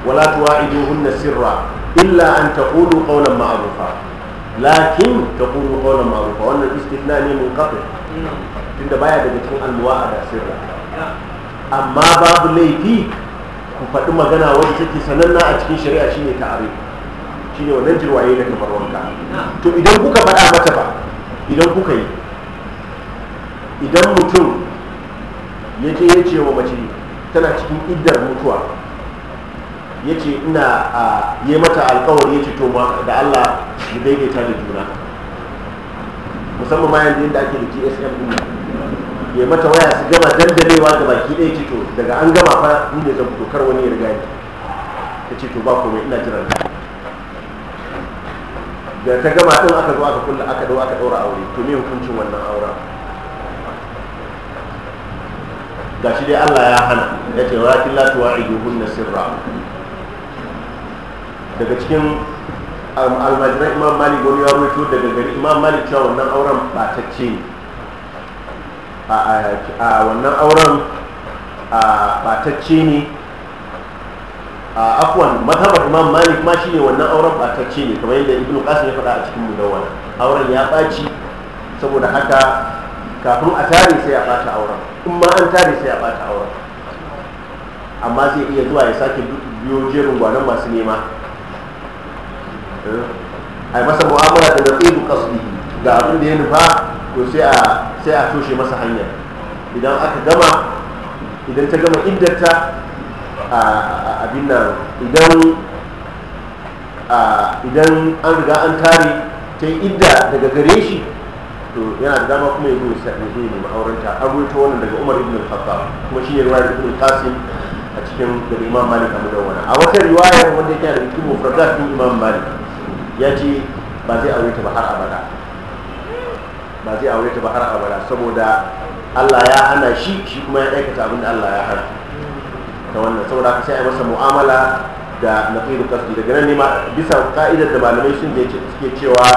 wala tuwa'iduhunna sirra illa an taqulu qawlan ma'rufa lakin taqulu qawlan ma'rufa wannan istithna ne mun qabl tunda baya daga cikin almuwa'ada sirra amma babu laifi ku faɗi magana wadda take sananna a cikin shari'a shine ta'arif shine wannan jirwaye da barwanka wanka to idan kuka faɗa mata ba idan kuka yi idan mutum ya ce ya ce wa mace tana cikin iddar mutuwa ya ce ina a yi mata alkawari ya ce to da Allah mu daidaita da juna musamman ma yanzu yadda ake da gsm ɗin ya mata waya su gama dandalewa ga baki ɗaya ce to daga an gama fa ni ne zan dokar kar wani ya riga ni ta ce to ba komai ina jiran da ta gama ɗin aka zo aka kulla aka ɗau aka ɗaura aure to me hukuncin wannan auren ga shi dai Allah ya hana ya ce wa kila latu wa ayyuhun sirra daga cikin um, almajiran imam malik wani ya rubuto daga gari imam malik cewa wannan auren ba ta ce ne a wannan auren batacce ne afuwan mazhabar imam malik ma ne wannan auren batacce ne kamar yadda ibn qasim ya faɗa a cikin mudawwana auren ya ɓaci saboda haka kafin a tare sai a ɓata auren in ma an tare sai a ɓata auren amma zai iya zuwa ya sake biyo jerin gwanon masu nema eh? a yi masa mu'amala da na kasbi ga abin da ya nufa ko sai a sai a toshe masa hanya idan aka gama idan ta gama iddata a abin nan idan idan an riga an tare ta yi idda daga gare shi to yana da dama kuma ya sai ne zo nemi aurenta an wannan daga umar ibn al-khattab kuma shi ne riwayar ibn qasim a cikin daga imam malik a mudawwana a wata riwaya wanda yake da cikin mufradat din imam malik ya ce ba zai aure ta ba har abada ba zai aure ta ba har abada saboda Allah ya hana shi shi kuma ya aikata abin da Allah ya hana ta wannan saboda ka sai a masa mu'amala da na naqidu da daga nan ne ma bisa ka'idar da malamai sun da suke cewa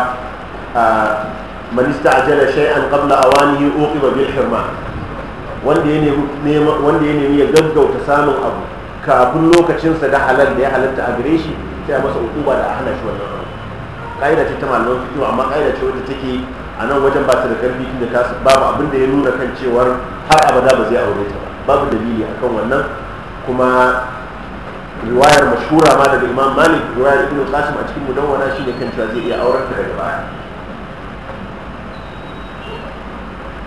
man ista'jala shay'an qabla awanihi uqiba bil hirma wanda ya nemi wanda ya nemi ya gaggauta samun abu kafin lokacinsa da halal da ya halatta a gare shi sai a masa hukuma da a hana shi wannan abu ka'ida ce ta malaman fikihu amma ka'ida ce wadda take a nan wajen ba ta da karfi da ta babu abin da ya nuna kan cewar har abada ba zai aure ta ba babu dalili akan wannan kuma riwayar mashura ma daga imam malik riwayar ibn qasim a cikin mudawwana shi ne kan cewa zai iya auren ta daga baya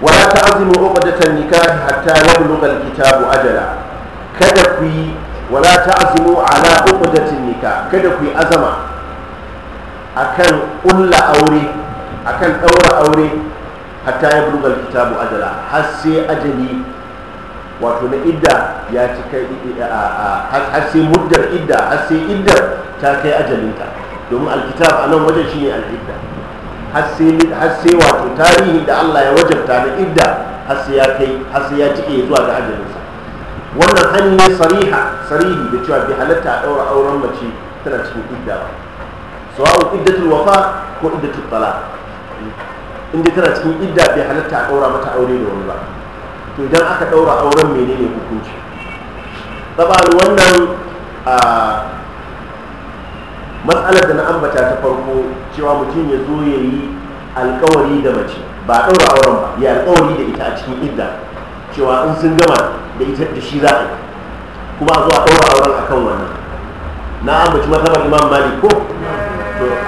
wala ta'zimu uqdatan nikah hatta yablugha al-kitabu ajala kada ku yi wala ta'zimu ala uqdatin nikah kada ku yi azama akan ƙulla aure akan ɗaura aure hatta ya buga kitabu ajala har sai ajali wato na idda ya ci kai har sai muddar idda har sai idda ta kai ajalinta domin alkitab a nan wajen shine al'idda har sai wato tarihi da Allah ya wajabta na idda har sai ya kai har sai ya cike zuwa ga ajalinsa wannan hanyar sariha sarihi da cewa bai halatta a ɗaura auren mace tana cikin idda ba sawa'un iddatul wafa ko iddatul talaq inda tana cikin idda bai halatta a ɗaura mata aure da wani ba to idan aka ɗaura auren menene hukunci tsabar wannan a matsalar da na ambata ta farko cewa mutum ya zo ya yi alkawari da mace ba ɗaura auren ba ya alkawari da ita a cikin idda cewa in sun gama da ita da shi za a yi kuma a zuwa ɗaura auren akan wannan na ambaci matsalar imam malik ko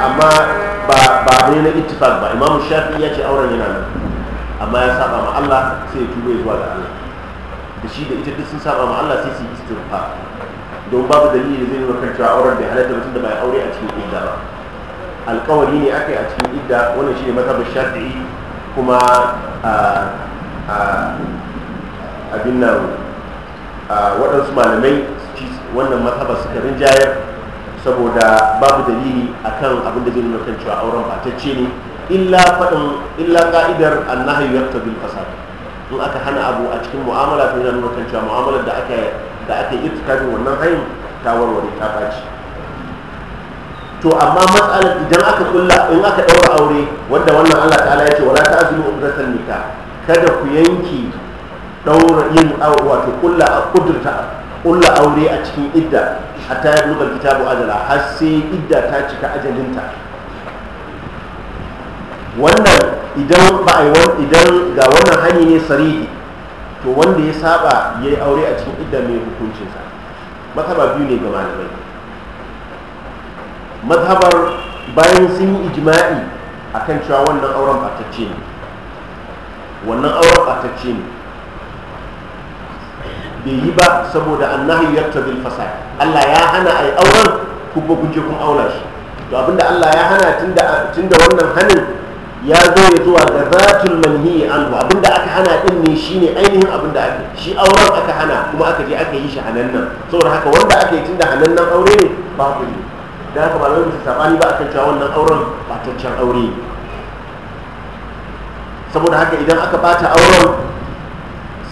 amma ba ba dai na ittifaq ba imam shafi ya ce auren yana nan amma ya saba ma Allah sai ya tuba zuwa ga Allah da shi da ita duk sun saba ma Allah sai su yi istirfa don babu dalili da zai nuna kan cewa auren bai halatta mutum da bai aure a cikin idda ba alƙawari ne aka yi a cikin idda wannan shi ne mazhabin shafi'i kuma abin nan waɗansu malamai wannan mazhabar suka rinjayar saboda babu dalili akan abin da zai nuna kan cewa auren batacce ne illa faɗin illa ka'idar annahi bil fasad in aka hana abu a cikin mu'amala to yana nuna kan cewa mu'amalar da aka da aka yi itikadin wannan hanyar ta warware ta baci to amma matsalar idan aka kulla in aka ɗaura aure wanda wannan Allah ta'ala ya ce wala ta'zimu umratan nikah kada ku yanki ɗaura yin wato kulla a kudurta kulla aure a cikin idda hatta ya bulga kitabu ajala har sai idda ta cika ajalinta wannan idan ba a yi idan ga wannan hanyi ne sarihi to wanda ya saba ya yi aure a cikin idda mai hukuncinsa mazhaba biyu ne ga malamai mazhabar bayan sun yi ijma'i kan cewa wannan auren batacce ne wannan auren batacce ne bai yi ba saboda annahi yattabil fasad Allah ya hana a yi auren kuma kun je kun aula shi to abinda Allah ya hana tunda wannan hanin ya zo ya zuwa ga zatul manhi anhu abinda aka hana din ne shine ainihin abinda ake shi auren aka hana kuma aka je aka yi shi hanannan saboda haka wanda aka yi tunda hanannan aure ne ba ku ne da haka ba su sabani ba akan cewa wannan auren ba taccen aure saboda haka idan aka bata auren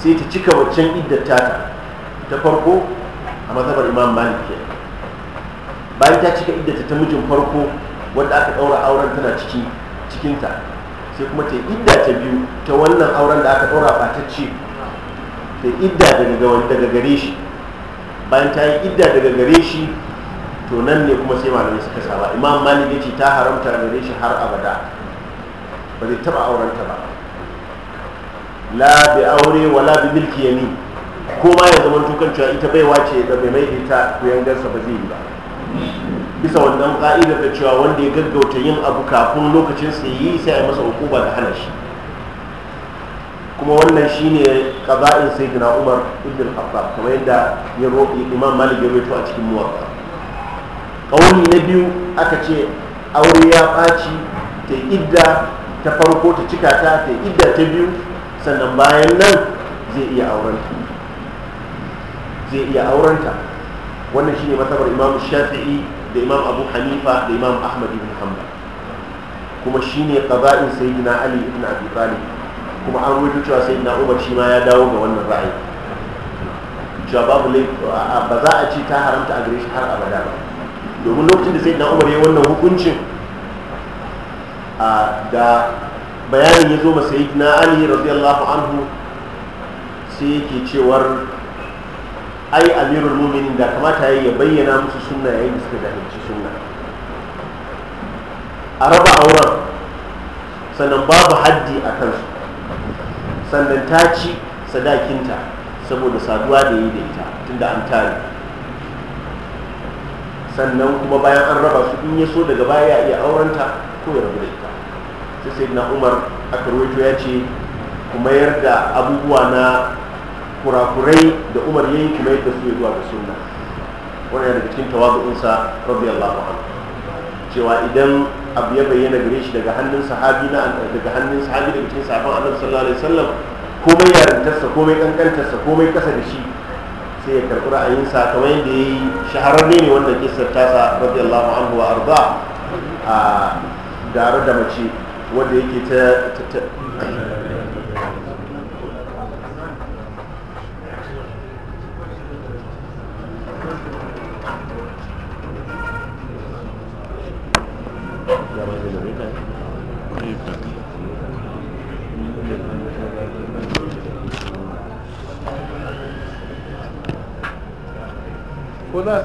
sai ta cika waccan idda ta ta farko a mazhabar imam malik ke bayan ta cika iddata ta mijin farko wanda aka ɗaura auren tana cikin cikinta sai kuma ta idda ta biyu ta wannan auren da aka ɗaura ba ta ce. Ta idda daga daga gare shi bayan ta yi idda daga gare shi to nan ne kuma sai malamai suka saba imam malik ya ce ta haramta gare shi har abada ba zai taɓa ta ba la bi aure wala bi milki yami ko ma ya zama tukan cewa ita baiwa ce da bai mai ita koyan gansa ba zai yi ba bisa wannan ka'idar da cewa wanda ya gaggauta yin abu kafin lokacin sa yi sai a masa hukuma da hana kuma wannan shine qada'in sayyidina Umar ibn al-Khattab kamar yadda ya roƙi Imam Malik ya rawaito a cikin muwatta kauli na biyu aka ce aure ya ɓaci ta idda ta farko ta cika ta ta idda ta biyu sannan bayan nan zai iya aurenta zai iya aurenta wannan shine matsabar imam shafi'i da imam abu hanifa da imam ahmad ibn hanbal kuma shine qaza'in sayyidina ali ibn abi talib kuma an rubuta cewa sayyidina umar shi ma ya dawo ga wannan ra'ayi cewa babu ba za a ci ta haramta a gare shi har abada ba domin lokacin da sayyidina umar ya wannan hukuncin da bayanin ya zo ma yi na ali radiyallahu anhu sai yake cewar ai amirul muminin da kamata ya bayyana musu sunna yayin da suka jahilci sunna a raba auren sannan babu haddi a kansu sannan ta ci sadakinta saboda saduwa da yi da ita tunda an tare sannan kuma bayan an raba su in ya so daga baya ya iya aurenta ko ya rabu da ita ta sai na umar a rawaito ya ce ku mayar da abubuwa na kurakurai da umar yayi ku mayar da su zuwa ga sunna wani daga cikin rabbi radiyallahu anhu cewa idan abu ya bayyana gare shi daga hannun sahabi na daga hannun sahabi daga cikin sahabban annabi sallallahu alaihi wasallam komai yarintarsa komai kankantarsa komai kasa da shi sai ya karɓi ra'ayinsa kamar yadda ya yi shahararre ne wanda kisar tasa radiyallahu anhu wa ba a da mace wanda yake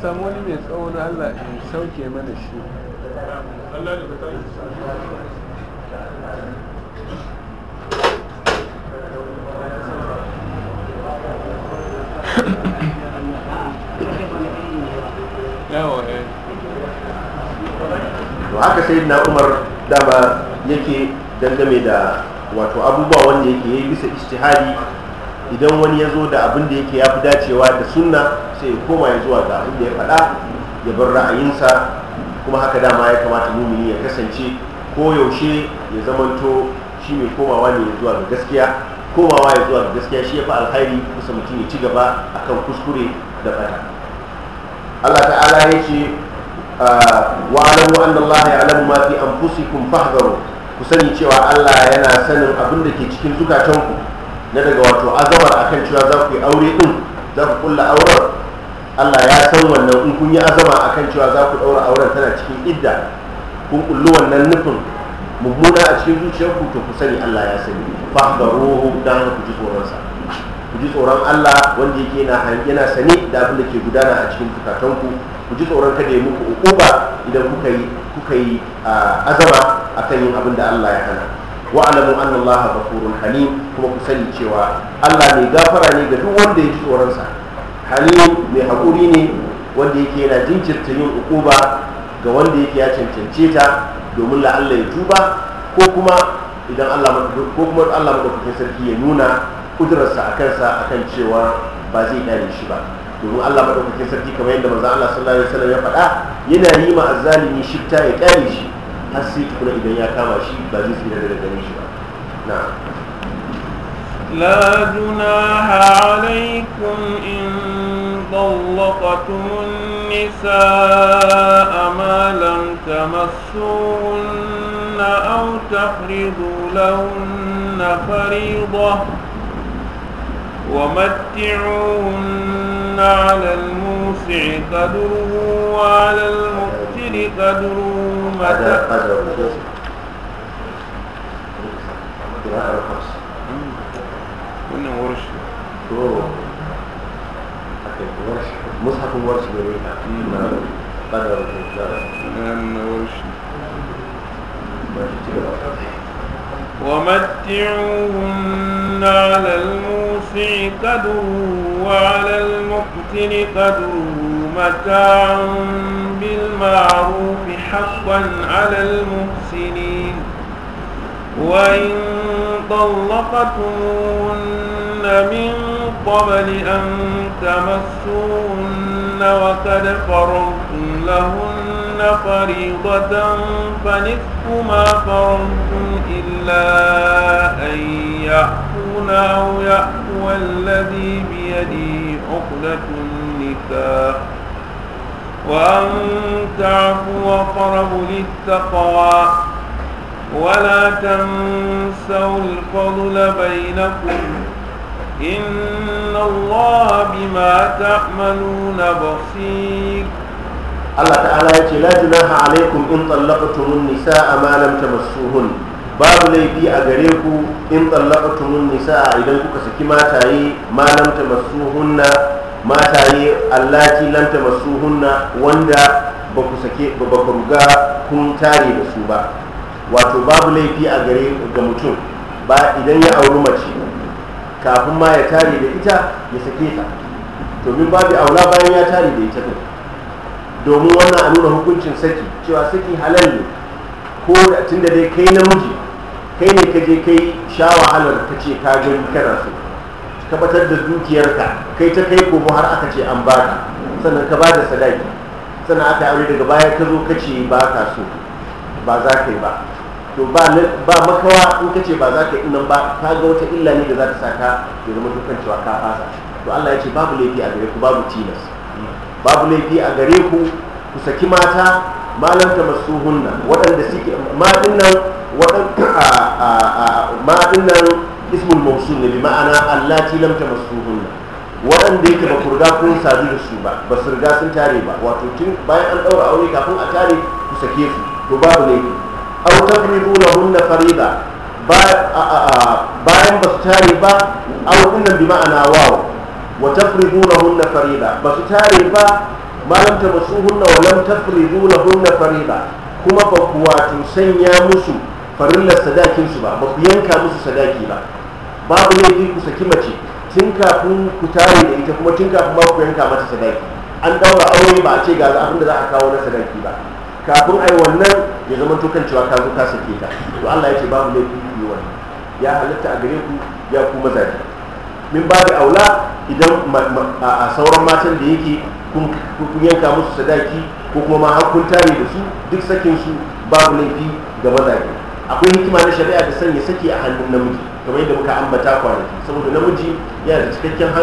samu wani mai tsawon Allah in sauke mana shi haka sai na umar dama yake dangame da wato abubuwa wanda yake yi bisa istihari idan wani ya zo da abin da yake ya fi dacewa da sunna sai ya koma ya zuwa ga abin da ya faɗa ya bar ra'ayinsa kuma haka dama ya kamata mumini ya kasance ko yaushe ya zamanto shi mai komawa ne ya zuwa da gaskiya komawa ya zuwa da gaskiya shi ya fi alkhairi kusa mutum ya ci gaba akan kuskure da bata Allah ta'ala ya ce wa'alamu an Allah ya alamu ma fi anfusikum fahdaru ku sani cewa Allah yana sanin abin da ke cikin zukatanku na daga wato azabar akan cewa za ku yi aure din za ku kulla auren Allah ya san wannan in kun yi azama akan cewa za ku daura auren tana cikin idda kun kullu wannan nufin mummuna a cikin zuciyarku to ku sani Allah ya sani fahdharuhu dan ku ji tsoron sa ku ji tsoron Allah wanda yake yana sani da abin da ke gudana a cikin zukatanku ku ji tsoron kada ya muku ukuba idan kuka yi kuka yi azama akan yin abin da Allah ya hana wa alamu anna Allah ghafurun halim kuma ku sani cewa Allah mai gafara ne ga duk wanda ya ji tsoron sa halim mai hakuri ne wanda yake yana jinkirta yin uquba ga wanda yake ya cancance ta domin la'alla ya tuba ko kuma idan Allah ko kuma Allah madaukakin sarki ya nuna kudurarsa a kansa akan cewa ba zai dare shi ba domin Allah madaukakin sarki kamar yadda manzo Allah sallallahu alaihi wasallam ya faɗa yana yi ma azzalimi shifta ya kare shi har sai tukuna idan ya kama shi ba zai tsira daga gare shi ba na'am لا جناح عليكم إن طلقتم النساء ما لم تمسوهن أو تفرضوا لهن فريضة ومتعوهن على الموسع قدره وعلى المقتل قدره متى قدره ورش ورش مصحف ورش جميل قدر ورش ومتعوهن على الموسع قدره وعلى المقتل قدره متاع بالمعروف حقا على المحسنين وإن طلقتموهن من قبل أن تمسوهن وقد فرضتم لهن فريضة فنصف ما فرضتم إلا أن يأتون أو يأتو الذي بيده عقدة النكاح وأن تعفوا أقرب للتقوى ولا تنسوا الفضل بينكم إن الله بما تعملون بصير Allah ta'ala ya ce la junaha alaikum in tallaqtumun nisaa ma lam tamassuhun babu laifi a gare ku in tallaqtumun nisaa idan kuka saki mataye ma lam tamassuhunna mataye allati lam tamassuhunna wanda ba ku sake ba ku ga kun tare da su ba wato babu laifi a gare ga mutum ba idan ya auri mace kafin ma ya tare da ita ya sake ta domin babu aula bayan ya tare da ita ne domin wannan a nuna hukuncin saki cewa saki halal ne ko da tun da dai kai namiji kai ne ka je kai sha wahalar ka ce ka gani kana so ka da dukiyarka kai ta kai gobe har aka ce an baka sannan ka bada sadaki sannan aka yi aure daga baya ka zo ka ce ba ka so ba za ka yi ba to ba makawa in ka ce ba za ka yi nan ba ka ga wata illa ne da za ta saka ya zama dukkan cewa ka fasa to Allah ya ce babu laifi a gare ku babu tilas babu laifi a gare ku ku saki mata malam ta masu hunna waɗanda suke maɗinnan maɗinnan ismul mausul ne bi ma'ana Allah lam ta hunna waɗanda yake ba kurga riga kun sadu da su ba ba su riga sun tare ba wato tun bayan an ɗaura aure kafin a tare ku sake su to babu laifi aw tafriduna hunna farida bayan ba su tare ba aw dinnan bi ma'ana wawo wa tafridunahunna farida ba su tare ba ma lam hunna wa lam farida kuma ba kuwa tun sanya musu farillar sadakinsu ba ba ku yanka musu sadaki ba babu laifi ku saki mace tun kafin ku tare da ita kuma tun kafin ba ku yanka mata sadaki an daura aure ba a ce ga abin da za a kawo na sadaki ba kafin ai wannan ya zama tukan cewa ka zo ka sake ta to Allah ya ce babu laifi ku yi wannan ya halitta a gare ku ya kuma mazaje min ba da aula idan a sauran matan da yake kun yanka musu sadaki ko kuma ma hakkun tare da su duk sakin su babu laifi ga mazaje akwai hikima na shari'a da sanya saki a hannun namiji kamar yadda muka ambata kwanaki saboda namiji yana da cikakken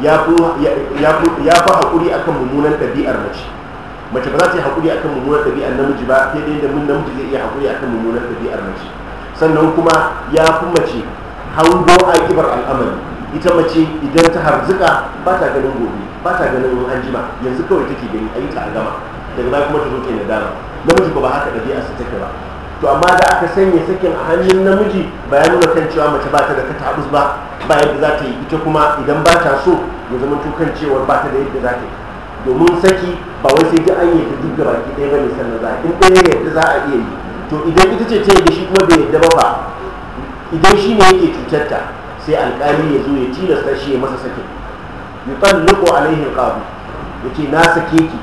ya fi haƙuri akan mummunan ɗabi'ar mace mace ba za ta yi haƙuri akan mummunan ɗabi'ar namiji ba sai dai da mun namiji zai iya haƙuri akan mummunan ɗabi'ar mace sannan kuma ya fi mace hango akibar al'amari ita mace idan ta harzuka ba ta ganin gobe ba ta ganin anjima yanzu kawai take gani a yi ta gama daga baya kuma ta zo ke dama namiji ba haka ɗabi'a su take ba to amma da aka sanya sakin a hannun namiji ba ya nuna kan cewa mace ba ta da katabus ba ba yadda za ta yi ita kuma idan ba ta so ya zama tukan cewar ba ta da yadda za ta yi domin saki ba wai sai ji an yi ta duk gaba ki ɗaya ne sannan za in ɗaya yadda za a iya yi to idan ita ce ta yi da shi kuma bai yadda ba ba idan shi ne yake cutarta sai alkali ya zo ya tilasta shi ya masa sakin nuko alaihi alqadi yace na sake ki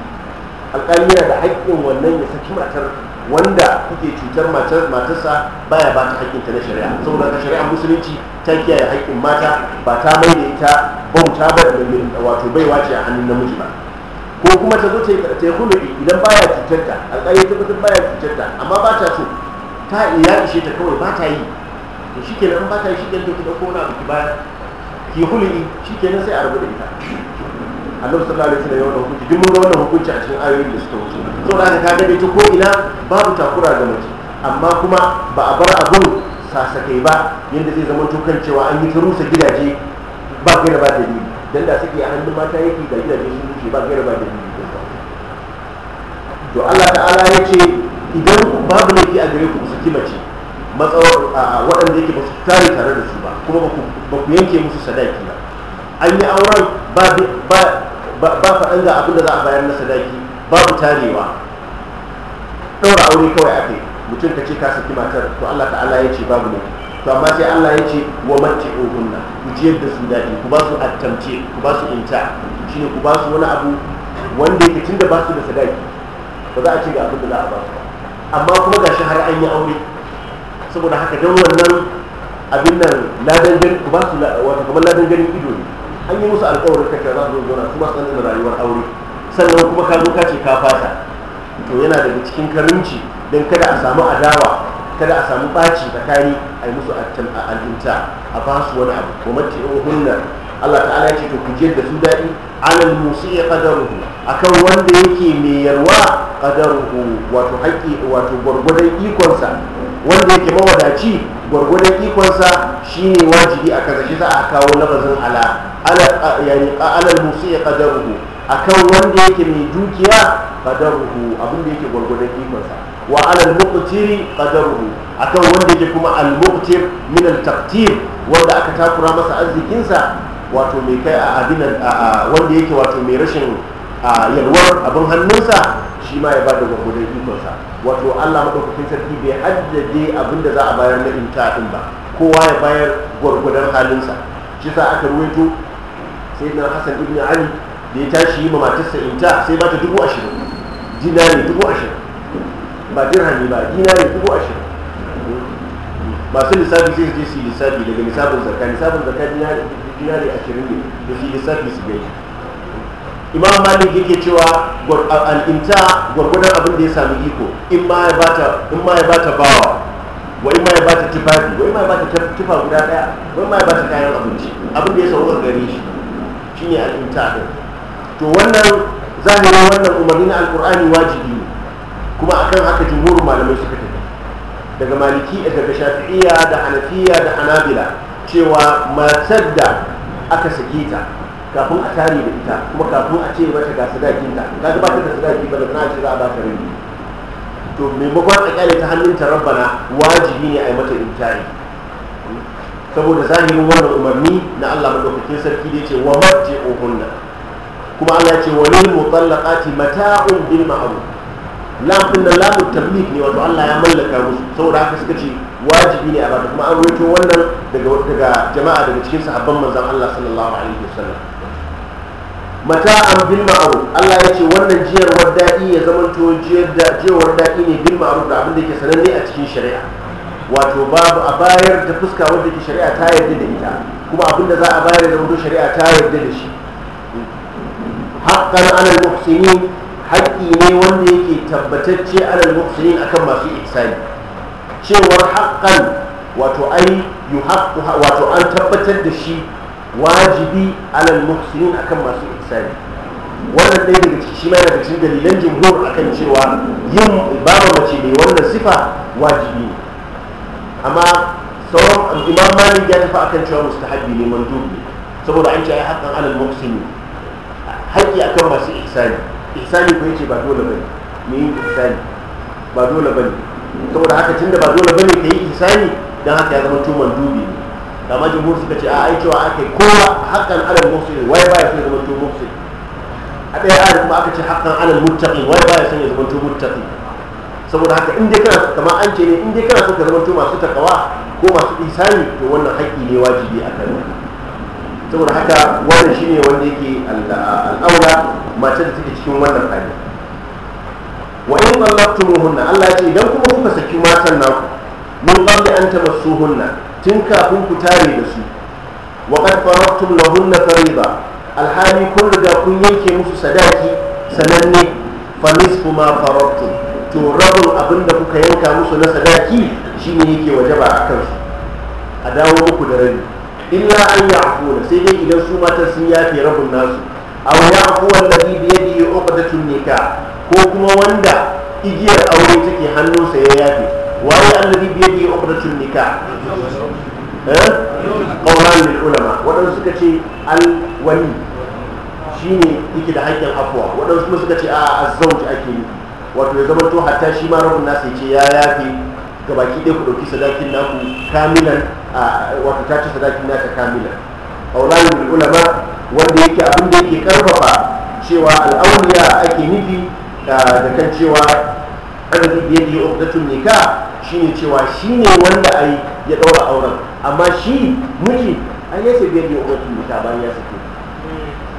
alkali yana da haƙƙin wannan ya saki matar wanda kuke cutar matar matarsa baya ba ta haƙƙinta na shari'a saboda ka shari'a musulunci ta kiyaye haƙƙin mata ba ta mai da ita bauta ba da wato baiwa ce a hannun namiji ba ko kuma ta zo ta yi hulɗi idan baya cutar ta alƙali ba baya cutar ta amma ba ta so ta ya ishe ta kawai ba ta yi to shi kenan in ba ta yi shi kenan to ki ɗauko ki baya ki hulɗi shi kenan sai a rabu da ita Allah sallallahu alaihi wasallam ya wannan hukunci duk mun ga wannan hukunci a cikin ayoyin da suka wuce saboda haka ka gane ta ko ina babu takura ga mace amma kuma ba a bar abun sasakai ba yadda zai zama to kan cewa an yi ta rusa gidaje ba gaira ba dalili dan da suke a hannun mata yake ga gidaje sun wuce ba gaira ba dalili to Allah ta'ala ya ce idan babu laifi a gare ku su mace waɗanda yake ba su tare tare da su ba kuma ba ku yanke musu sadaki ba an yi auren ba faɗin da abin da za a bayar na sadaki babu tarewa ɗaura aure kawai a kai mutum ka ce ka saki matar to Allah ta'ala ya ce babu ne to amma sai Allah ya ce wa mace ohunna ku ji yadda su daɗi ku ba su attamce ku ba su inta shine ku ba su wani abu wanda yake tunda ba su da sadaki ba za a ce ga abin da za a ba su amma kuma gashi har an yi aure saboda haka don wannan abin nan ladan gani ku ba su wata kamar ladan ido ne an yi musu alkawarin kakar za su zo zauna kuma su da rayuwar aure sannan kuma ka zo ka ce ka fata to yana daga cikin karinci don kada a samu adawa kada a samu ɓaci tsakani a yi musu a al'inta a ba wani abu kuma mace yi hunna Allah ta'ala ce to kujiyar da su daɗi alal musi ya kadaruhu akan wanda yake mai yarwa kadaruhu wato haƙƙi wato gwargwadon ikonsa wanda yake mawadaci gwargwadon ikonsa shine wajibi a kasa shi za a kawo lafazin ala alal musi ya kadaruhu akan wanda yake mai dukiya kadaruhu abin da yake gwargwadon ikonsa wa alal muqtiri qadaruhu akan wanda yake kuma al muqtir min al taqtir wanda aka takura masa arzikinsa wato mai kai a a wanda yake wato mai rashin yalwar abin hannunsa shi ma ya bada gwagwadon ikonsa wato allah maɗaukakin sarki bai haddade abin da za a bayar na inta ɗin ba kowa ya bayar gwargwadon halinsa shi sa aka ruwaito sai na hassan ibn ali da ya tashi yi ma matarsa inta sai ba ta dubu ashirin dinari dubu ashirin ba dirhami ba dinari dubu ashirin masu lissafi sai je su lissafi daga lissafin zarka lissafin zakka dinari ashirin ne da su lissafi su gai imam malik yake cewa al'inta gwargwadon abin da ya sami iko in ma ya bata bawa wa in ma ya bata tufafi wa in ma ya bata tufa guda daya wa in ma ya bata kayan abinci abin da ya sauwa gare shi shine al'inta din to wannan zahirin wannan umarni na alkur'ani wajibi ne kuma akan haka jumhurin malamai suka tafi daga maliki daga shafi'iya da hanafiya da hanabila cewa matar da aka saki ta kafin a tare da ita kuma kafin a ce mata ga sadakin ta ga ba ta da sadaki ba da na ce za a ba ta rabi to maimakon a kyale ta hannun ta rabbana wajibi ne a yi mata intari saboda zahirin wannan umarni na Allah madaukakin sarki da ce wa marji'uhunna kuma Allah ya ce wa lil mutallaqati mata'un bil ma'ruf lafin nan lamun tablif ne wato Allah ya mallaka musu saboda haka suka ce wajibi ne a bata kuma an rawaito wannan daga daga jama'a daga cikin sahabban manzon Allah sallallahu alaihi wasallam mata an bil ma'ruf Allah ya ce wannan jiyar wadda'i ya zamanto jiyar da jiyar da'i ne bil ma'ruf da abin da ke sananne a cikin shari'a wato babu a bayar da fuska wadda ke shari'a ta yarda da ita kuma abinda za a bayar da wato shari'a ta yarda da shi haqqan alal muhsinin haƙƙi ne wanda yake tabbatacce alal muhsinin akan masu ihsani cewar haƙƙan wato ai wato an tabbatar da shi wajibi alal muhsinin akan masu ihsani wannan ɗaya daga cikin shi ma da cikin dalilan jumhur akan cewa yin ibada mace mai wannan sifa wajibi ne amma sauran imam malik ya tafi akan cewa mustahabbi ne mandubi saboda an ce ai haƙƙan alal muhsinin haƙƙi akan masu ihsani ihsani ko yace ba dole bane me yi ihsani ba dole bane saboda haka tunda ba dole bane ka yi ihsani dan haka ya zama tuman dubi ne da ma jumhur suka ce a ai cewa aka yi kowa hakan alal mufsid wai baya ya zama tuman mufsid a ɗaya ayar kuma aka ce hakan alal muttaqi wai baya sai ya zama tuman muttaqi saboda haka in dai kana kamar an ce ne in dai kana so ka zama to masu takawa ko masu ihsani to wannan haƙƙi ne wajibi a kan saboda haka wannan shine wanda yake al'aura mace da take cikin wannan hali wa in muhunna Allah ce idan kuma kuka saki matan naku mun qabli an hunna, tun kafin ku tare da su wa qad faradtum lahunna fariida alhali kun riga kun yanke musu sadaki sananne fa nisfu ma to rabin abin da kuka yanka musu na sadaki shine yake wajaba a kansu a dawo muku da rabi illa an yi ya'funa sai dai idan su matan sun yafe rabin nasu wani ya'fu allazi bi yadihi uqdatun nikah ko kuma wanda igiyar aure take hannunsa ya yafe waye an allazi bi yadihi uqdatun nikah eh qawlan lil ulama wadansu suka ce al wali shine yake da haƙƙin afuwa waɗansu kuma suka ce a a azzauj ake yi wato ya zama to hatta shi ma rabin nasu ya ce ya yafe gabaki ɗaya ku ɗauki sadakin naku kamilan wato ta ci sadakin nata kamila aulayin ulama wanda yake abin da yake karfafa cewa al'auliya ake nufi da kan cewa arziki da ya yake ukdatun ka shine cewa shine wanda ai ya daura auren amma shi miji an yace biyar da ya ne ka bayan ya sake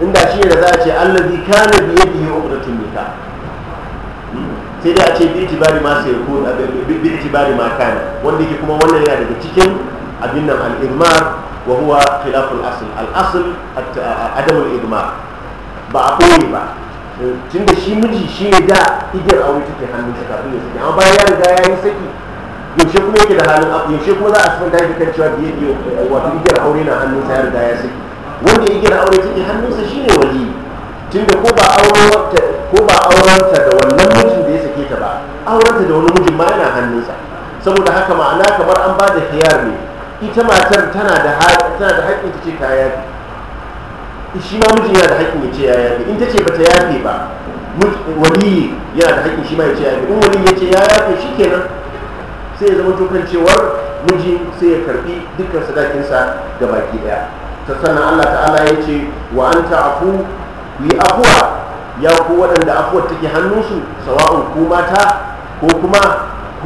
inda shi da za a ce allazi kana biyar da ya ne ka. sai dai a ce bi itibari ma sai ko bi itibari ma kana wanda yake kuma wannan yana daga cikin abin nan al-idmar wa huwa khilaful asl al adamul idmar ba a koyi ba tun da shi miji shi ne da igiyar aure take hannun shi kafin ya saki amma bayan ya riga ya yi saki yaushe kuma yake da halin abu yaushe kuma za a sifan da kan cewa biye biye wato igiyar aure na hannun sa ya riga ya saki wanda igiyar aure take hannun sa shine wali tunda ko ba aurenta ko ba aurenta da wannan mijin da ya sake ta ba aurenta da wani mijin ma yana hannun sa saboda haka ma'ana kamar an ba da khiyar ne ita matar tana da haƙƙin ta ce ta yafi shi ma mutum yana da haƙƙin ya ce ya yafi in ta ce ba ta yafi ba waliyi yana da haƙƙin shi ma ya ce ya yafi in wani ya ce ya yafi shi kenan sai ya zama tukan cewar miji sai ya karbi dukkan sadakinsa ga baki daya ta sannan Allah ta'ala ya ce wa an afu yi afuwa ya ku waɗanda afuwar take hannunsu sawa'un ku mata ko kuma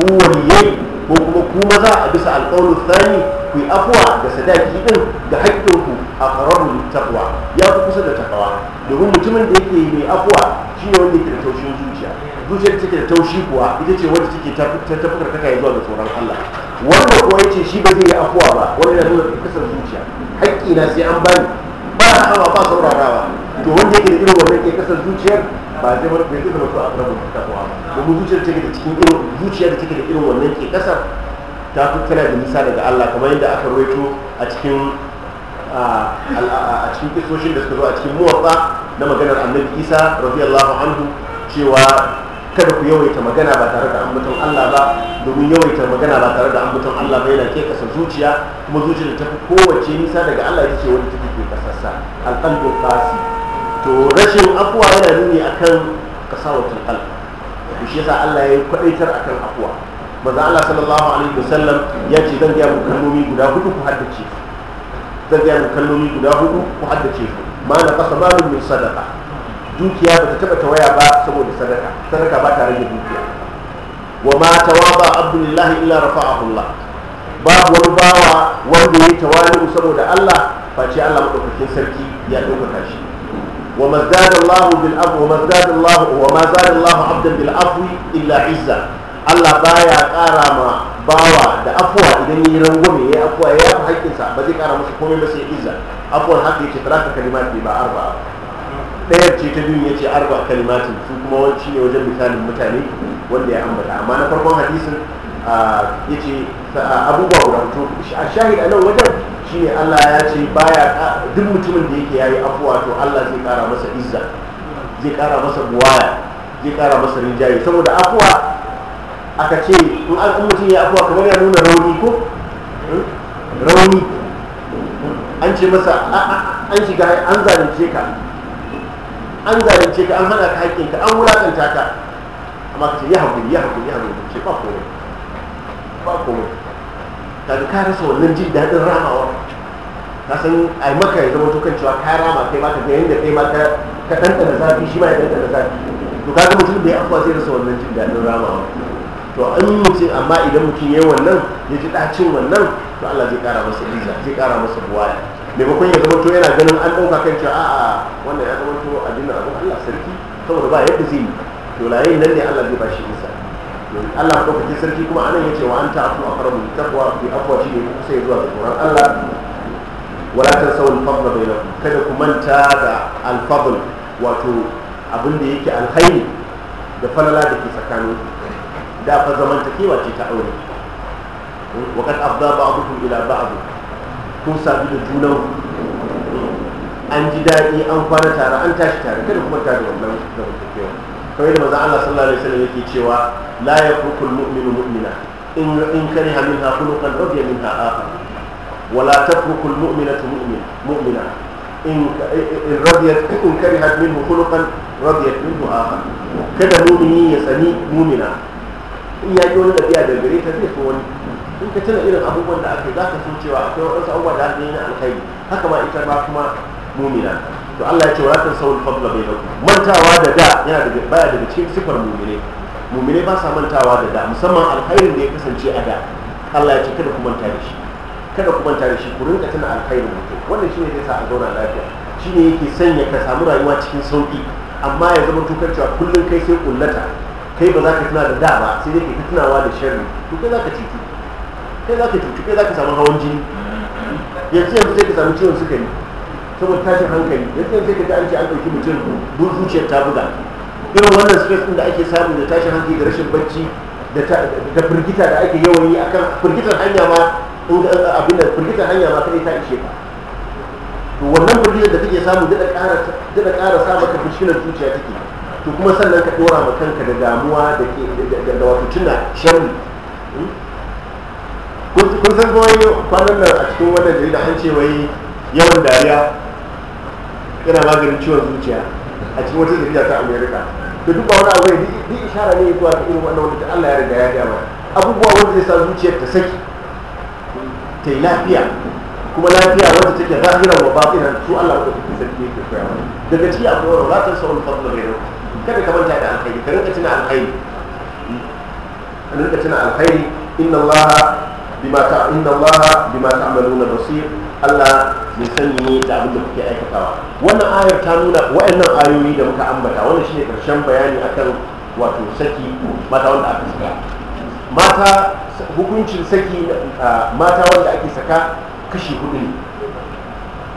ku waliyai ko kuma ku maza a bisa alƙawlin tsani ku yi afuwa da sadaki din da haƙƙinku a ƙararru taqwa ya fi kusa da takawa domin mutumin da yake mai afuwa shi ne wanda yake da taushin zuciya zuciyar take da taushi kuwa ita ce wanda take ta tafukar kaka ya zuwa da tsoron Allah wanda kuwa ya ce shi ba zai yi afuwa ba wani yana nuna kasar zuciya haƙƙi na sai an bani ba hawa ba saurarawa to wanda yake da irin wannan ke kasar zuciyar ba zai wani bai zai zama ko a ƙararru taqwa domin zuciyar take da cikin irin zuciya da take da irin wannan ke kasar ta fi tana da nisa daga Allah kamar yadda aka rawaito a cikin a cikin kisoshin da suka zo a cikin muwatsa na maganar annabi isa radiyallahu anhu cewa kada ku yawaita magana ba tare da ambaton Allah ba domin yawaita magana ba tare da ambaton Allah ba yana ke kasa zuciya kuma zuciya da tafi kowace nisa daga Allah ita ce wani tafi ke kasassa alƙalbu fasi to rashin afuwa yana nuni akan kasawatul qalb to shi yasa Allah ya yi kwadaitar akan afuwa manzo Allah sallallahu alaihi wasallam ya ce zan gaya muku kalmomi guda hudu ku haddace zan gaya muku kalmomi guda hudu ku haddace ma na kasa malum min sadaqa dukiya ba ta taba tawaya ba saboda sadaka sadaka ba ta rage dukiya wa ma tawaba abdullahi illa rafa'ahu Allah babu wani bawa wanda ya tawali'u saboda Allah face Allah madaukakin sarki ya ɗaukaka shi وما ازداد الله بالعفو وما ازداد الله وما زاد الله عبدا بالعفو الا عزه Allah baya ƙara ma bawa da afuwa idan yi rangwame ya afuwa ya yafi haƙƙinsa ba zai ƙara masa komai ba sai izza afuwar haka yake ka kalimati ba arba ɗayar ce ta biyu ya ce arba kalimatin su kuma wanci ne wajen misalin mutane wanda ya ambata amma na farkon hadisin ya ce abubuwa guda to a shahid a nan wajen shi ne Allah ya ce baya duk mutumin da yake yayi afuwa to Allah zai ƙara masa izza zai ƙara masa buwaya zai ƙara masa rinjaye saboda afuwa aka ce in an mutum ya afuwa kamar ya nuna rauni ko hmm? rauni an ce masa an shiga an zalunce ka an zalunce ka an hana ka ka an wulaƙanta ka amma ka ce ya haƙuri ya haƙuri ya haƙuri ce ba komai ba komai kaga ka rasa wannan jin daɗin ramawa ka san ai maka ya zama tukan cewa ka rama kai ma ka ga yadda kai ma ka ɗanɗana zafi shi ma ya ɗanɗana zafi to ga mutum ya afuwa zai rasa wannan jin daɗin ramawa to an mutum amma idan mutum ya yi wannan ya ji ɗacin wannan to Allah zai ƙara masa riza zai ƙara masa buwaya maimakon ya zama to yana ganin an ɗauka kan cewa a'a wannan ya zama to addinin abin Allah sarki saboda ba yadda zai yi to layin nan ne Allah zai ba shi isa Allah kake sarki kuma anan ya ce wa an aku a taqwa takwa bi shi ne kusa zuwa ga tsoron Allah wala ta al-fadl bainakum kada ku manta da al wato abin da yake alkhairi da falala da ke tsakanin da fa zamantakewa ce ta aure wakat abda ba'dukum ila ba'd kun sabi da junan an ji daɗi an kwana tare an tashi tare kada kuma tare wannan zamantakewa kamar yadda manzon Allah sallallahu alaihi wasallam yake cewa la yafruqul mu'minu mu'mina in in kariha minha khuluqan radiya minha akhar wala tafruqul mu'minatu mu'min mu'mina in radiyat in karihat minhu khuluqan radiyat minhu akhar kada mu'mini ya sani mu'mina in ya yi wani tafiya da gare ta zai so wani in ka tana irin abubuwan da aka yi za ka so cewa akwai waɗansu abubuwa da hannun yi na alkhairi haka ma ita ba kuma mumina to Allah ya ce wa kan tan fabula bai bainakum mantawa da da yana daga baya daga cikin sifar mumine mumine ba sa mantawa da da musamman alkhairin da ya kasance a da Allah ya ce kada ku manta da shi kada ku manta da shi ku rinka tana alkhairin mutum wannan shine zai sa a zauna lafiya Shi ne yake sanya ka samu rayuwa cikin sauki amma ya zama tukar cewa kullum kai sai kullata kai ba za ka tuna da dama ba sai dai ka tunawa da sharri to kai za ka ciki kai za ka ciki kai za ka samu hawan jini yanzu yanzu sai ka samu ciwon sukari saboda tashin hankali yanzu yanzu sai ka ji an ce an ɗauki mutum dun zuciyar ta buga irin wannan stress ɗin da ake samu da tashin hankali da rashin bacci da firgita da ake yawan yi akan firgitar hanya ma abin da firgitar hanya ma kai ta ishe ka to wannan firgitar da kake samu da ƙara sa maka fushinar zuciya take to kuma sannan ka dora ma kanka da damuwa da ke da wato tuna sharri hmm? kun san kuma kwanan nan a cikin wannan jarida an ce wai yawan dariya yana maganin ciwon zuciya a cikin wata jarida ta america da duk ba wani abu ne duk ishara ne zuwa ta irin wannan wanda Allah ya riga ya gaya mana abubuwa wanda zai sa zuciyar ta saki ta yi lafiya kuma lafiya wanda take zahiran wa batinan su Allah ya take sarki yake koyawa daga ciki a wa la sauran fadl ghayru kada ka manta da alkhairi ka rinka tuna alkhairi ka rinka tuna alkhairi inna Allah bima ta inna Allah bima ta'maluna basir Allah mai sani ne da abin da kuke aikatawa wannan ayar ta nuna wa'annan ayoyi da muka ambata wannan shine karshen bayani akan wato saki mata wanda aka saka mata hukuncin saki mata wanda ake saka kashi hudu ne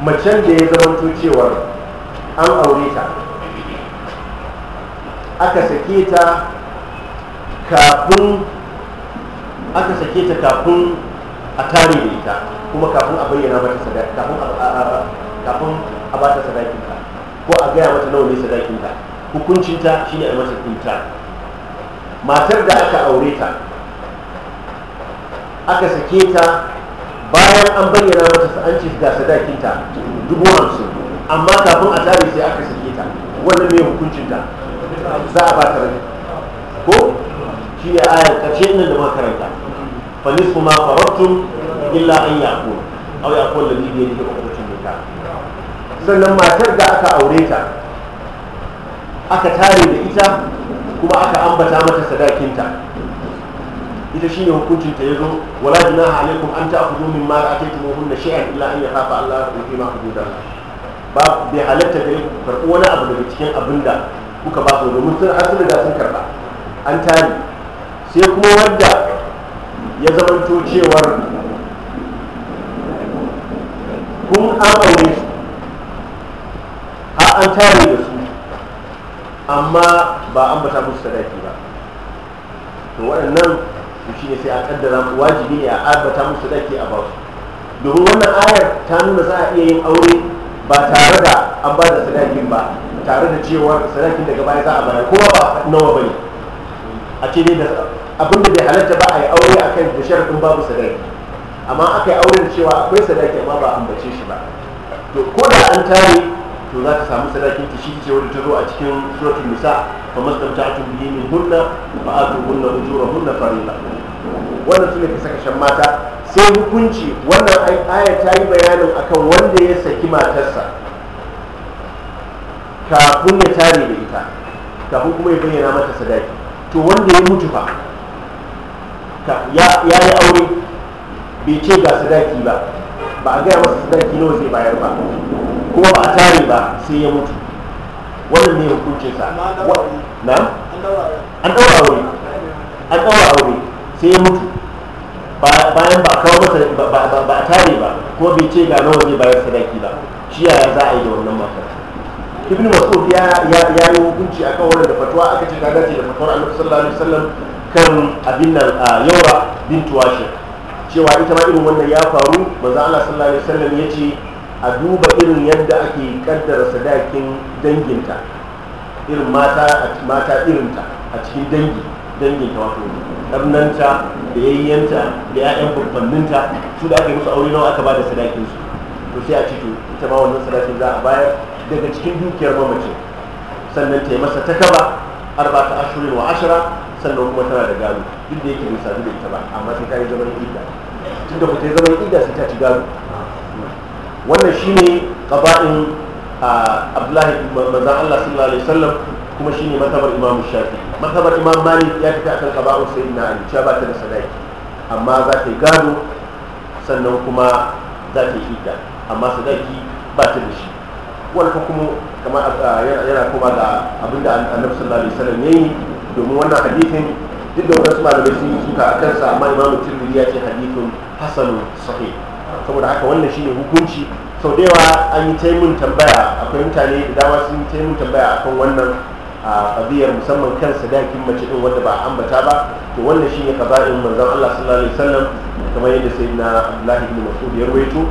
macen da ya zamanto cewar an aure ta aka sake ta kafin aka sake ta kafin a tare da ita kuma kafin a bayyana mata kafin a a ta sadakin ta ko a gaya mata nawa ne sadakin ta hukuncin ta shine a mata kinta matar da aka aure ta aka sake ta bayan an bayyana mata an ce ga sadakin ta dubu hamsin amma kafin a tare sai aka sake ta wannan mai hukuncin ta za a baka rabi ko shi ne ayar karshe nan da makaranta fa kuma ma illa an yaqu aw da alladhi bi yadihi uqdatun nikah sannan matar da aka aure ta aka tare da ita kuma aka ambata mata sadakinta ita shine hukuncin ta yazo wala junaha alaikum an ta'khudhu mimma ataytumuhunna shay'an illa an yakhafa Allah yuqima hududahu ba bai halatta gare ku wani abu daga cikin abinda kuka ba su domin sun an da, sun karba an tari sai kuma wanda ya zamanto cewar kun amaye su har an tare da su amma ba an bata musu sadaki ba to waɗannan su shi ne sai a kaddara mu wajibi ne a ambata musu sadaki a ba su domin wannan ayar ta nuna za a iya yin aure ba tare da an ba da sadakin ba tare da cewa sadakin daga baya za a bayar kuma ba nawa bane a ce dai da abin da bai halatta ba a yi aure a kan da babu sadaki amma aka yi auren cewa akwai sadaki amma ba ambace shi ba to ko da an tare to za ta samu sadakin ta shi ce wani ta zo a cikin suratul nisa fa mastamta'tu bihi min hunna fa atuhunna ujurahunna fariida wannan sune ka saka shan mata sai hukunci wannan ayata ta yi bayanin akan wanda ya saki matarsa kafin ya tare da ita kafin kuma ya bayyana mata sadaki to wanda ya mutu fa ya yi aure bai ce ga sadaki ba ba a gaya masa sadaki nawa zai bayar ba kuma ba a tare ba sai ya mutu wannan ne sa na an ɗaura aure an ɗaura aure sai ya mutu bayan ba kawo masa ba a tare ba kuma bai ce ga nawa zai bayar sadaki ba shi yaya za a yi da wannan matar ibn mas'ud ya ya yi hukunci akan wannan da fatuwa aka ce ta dace da fatuwar Allah sallallahu alaihi wasallam kan abin nan yaura bint washir cewa ita ma irin wannan ya faru manzo Allah sallallahu alaihi wasallam ya ce a duba irin yadda ake kaddara sadakin danginta irin mata mata irinta a cikin dangi danginta wato karnanta da yayyanta da 'ya'yan babbanninta su da aka yi musu aure nawa aka ba da sadakinsu to sai a ce to ita ma wannan sadakin za a bayar daga cikin dukiyar mamacin sannan ta yi masa takaba arba ta ashirin wa ashira sannan kuma tana da gado duk da yake bai sadu da ita ba amma sai ta yi zaman ida tun da ta yi zaman ida sai ta ci gado wannan shine qaba'in abdullahi manzo Allah sallallahu alaihi wasallam kuma shine matabar imamu shafi matabar imam malik ya tafi akan qaba'un sayyidina ali cewa ba ta da sadaki amma za ta yi gado sannan kuma za ta yi ida amma sadaki ba ta da shi wal hukumu kamar ah, yana kuma ga abinda annabi sallallahu alaihi wasallam yayi domin wannan hadithin duk da wasu malamai sun yi suka akan sa amma imam tirmidhi ya ce hadisin hasan sahih saboda haka wannan shine hukunci sau da yawa an yi taimun tambaya akwai mutane da dama sun yi taimun tambaya akan wannan a ah, musamman kan sadakin mace ɗin wanda ba a ambata ba to wannan shine kaza'in manzon Allah sallallahu alaihi wasallam kamar yadda sayyidina Abdullahi ibn Mas'ud ya rawaito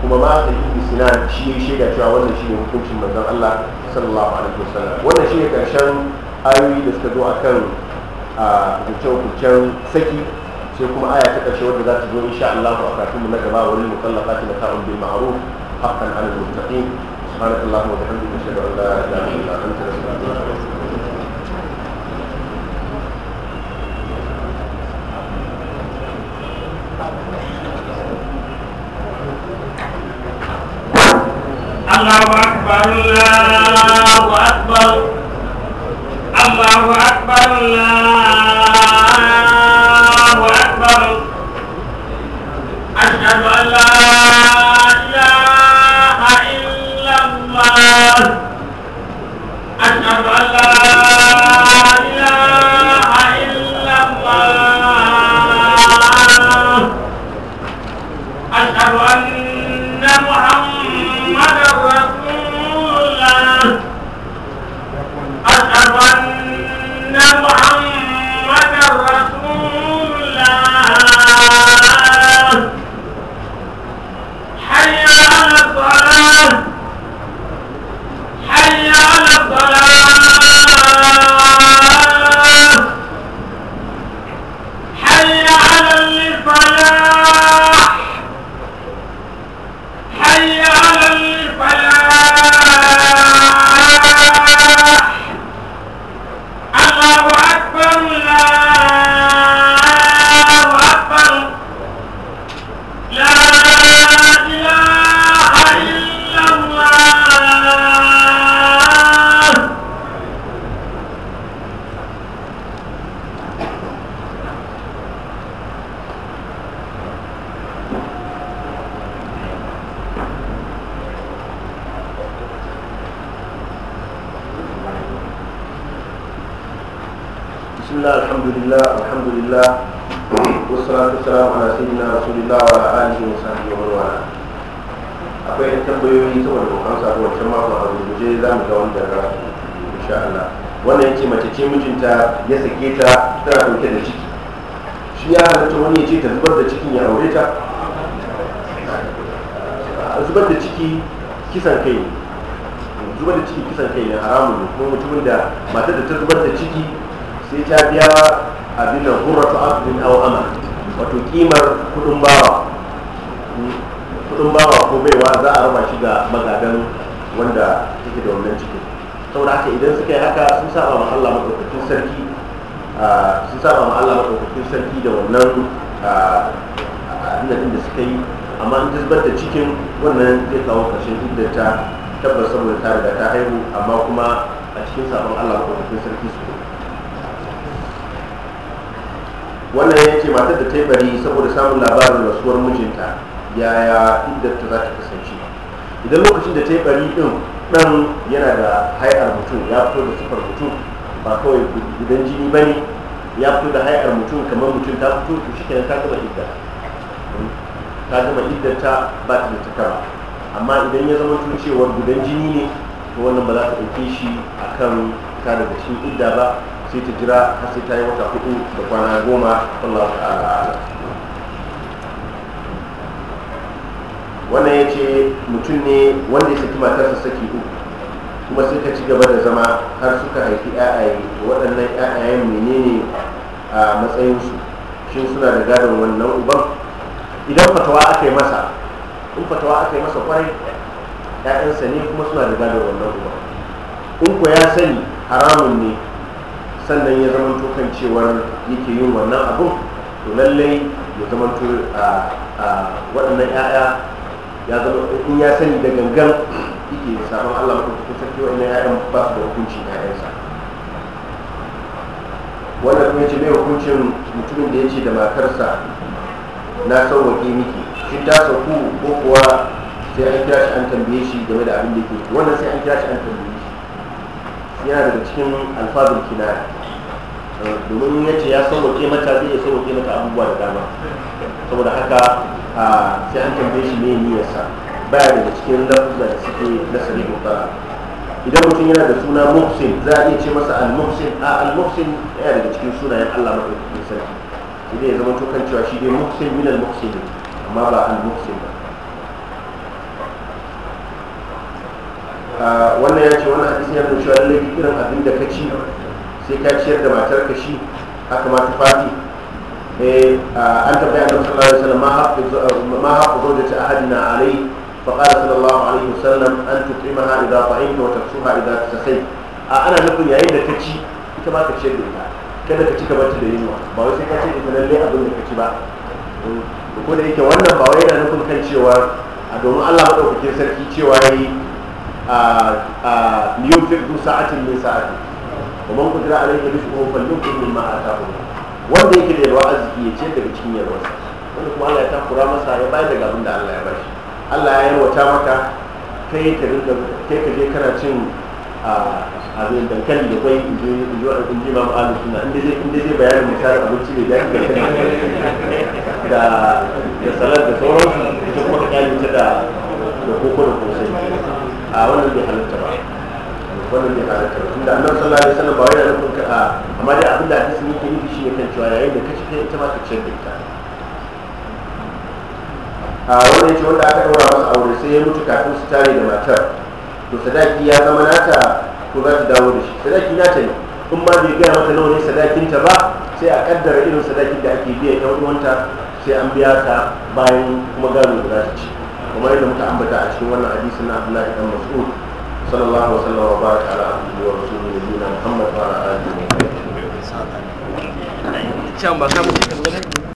kuma ma aka yi sinan shi ya shaida cewa wannan shi ne hukuncin manzon Allah sallallahu alaihi wasallam wannan shi ne karshen ayoyi da suka zo akan a hukuncen saki sai kuma aya ta karshe wadda za ta zo insha Allah a kafin mu na gaba wani mukallafati na ta'un bil ma'ruf haqqan 'ala al-muttaqin subhanallahi wa bihamdihi ashhadu an la ilaha illa anta الله أكبر الله أكبر الله أكبر الله أكبر أشهد أن لا musulmi ya fito da hayar mutum kamar mutum ta fito to shi kenan ta gama idda hmm? ta gama iddar ta ba ta da amma idan ya zama tun cewar gudan jini ne to wannan ba za ta ɗauke shi a kan ta daga cikin idda ba sai ta jira har sai ta yi wata hudu da kwana goma Allah ala wannan ya ce mutum ne wanda ya saki matarsa saki uku kuma suka ci gaba da zama har suka haifi yayaye waɗannan yayayen menene a matsayinsu shin suna da gadon wannan uban idan fatawa aka yi masa in fatawa aka yi masa kwarai ya'yansa ne kuma suna da gadon wannan uban in ko ya sani haramun ne sannan ya zama tokan cewar yake yin wannan abun to lallai ya zama a waɗannan 'ya'ya ya zama in ya sani da gangan ke sabon Allah madaukakin sarki wa'annan ya'yan ba da hukunci na ya'yansa wannan kuma yace mai hukuncin mutumin da ya ce da matarsa na sauwaƙe miki shi ta sauku ko kuwa sai an kira shi an tambaye shi game da abin da yake wannan sai an kira shi an tambaye shi yana daga cikin alfazul kinaya domin ya ce ya sauwaƙe mata zai ya sauwaƙe mata abubuwa da dama saboda haka sai an tambaye shi me niyyarsa baya daga cikin lafuzza da suke na sahihu ba idan mutum yana da suna muhsin za a iya ce masa al-muhsin a al-muhsin yana daga cikin sunayen Allah madaukakin sarki idan ya zama kan cewa shi dai muhsin min al-muhsin amma ba al-muhsin ba wannan ya ce wannan hadisi ya nuna cewa lallai irin abin da ka ci sai ka ciyar da matar ka shi haka ma fati eh, an tabbata annabi sallallahu alaihi wasallam ma haqqu zawjati ahadina alai. فقال صلى الله عليه وسلم أن تطعمها إذا طعمت وتكسوها إذا تسخيت أنا نقول يا إن كتشي كما كتشي kada ka ci gaba da yunwa ba wai sai ka ce ita lalle abin da ka ci ba ko da yake wannan ba yana nufin kan cewa a domin Allah madaukakin sarki cewa yi a liyunfir du sa'atin min sa'ati wa man qadara alayhi rizquhu falyunfir mimma ataahu wanda yake da yalwa arziki ya ce daga cikin yalwarsa wanda Allah ya takura masa ya bayar daga Allah ya bashi allah ya yarwata maka kai ka je kana cin abin dankali da kwai in ji mamu alu suna inda zai bayanin misali abinci da daɗi da da salat da sauransu ita kuma kyali ta da da koko da kosai a wannan bai halatta ba wannan bai halatta ba tunda annabi sallallahu alaihi wasallam ba wai da nufin ka amma dai abin da hadisi yake yi shi ne kan cewa yayin da ka ci kai ita ma ka ciyar da ita a wannan ce wanda aka ɗora masa aure sai ya mutu kafin su tare da matar to sadaki ya zama nata ko za ta dawo da shi sadaki nata ne in ma bai gaya mata nawa ne sadakinta ba sai a kaddara irin sadakin da ake biya ɗan uwanta sai an biya ta bayan kuma gano da za ta ci kamar yadda muka ambata a cikin wannan hadisi na Abdullahi dan Mas'ud sallallahu alaihi wa sallam wa baraka ala abdihi wa rasulihi Muhammad wa ala alihi wa sahbihi can ba ka mu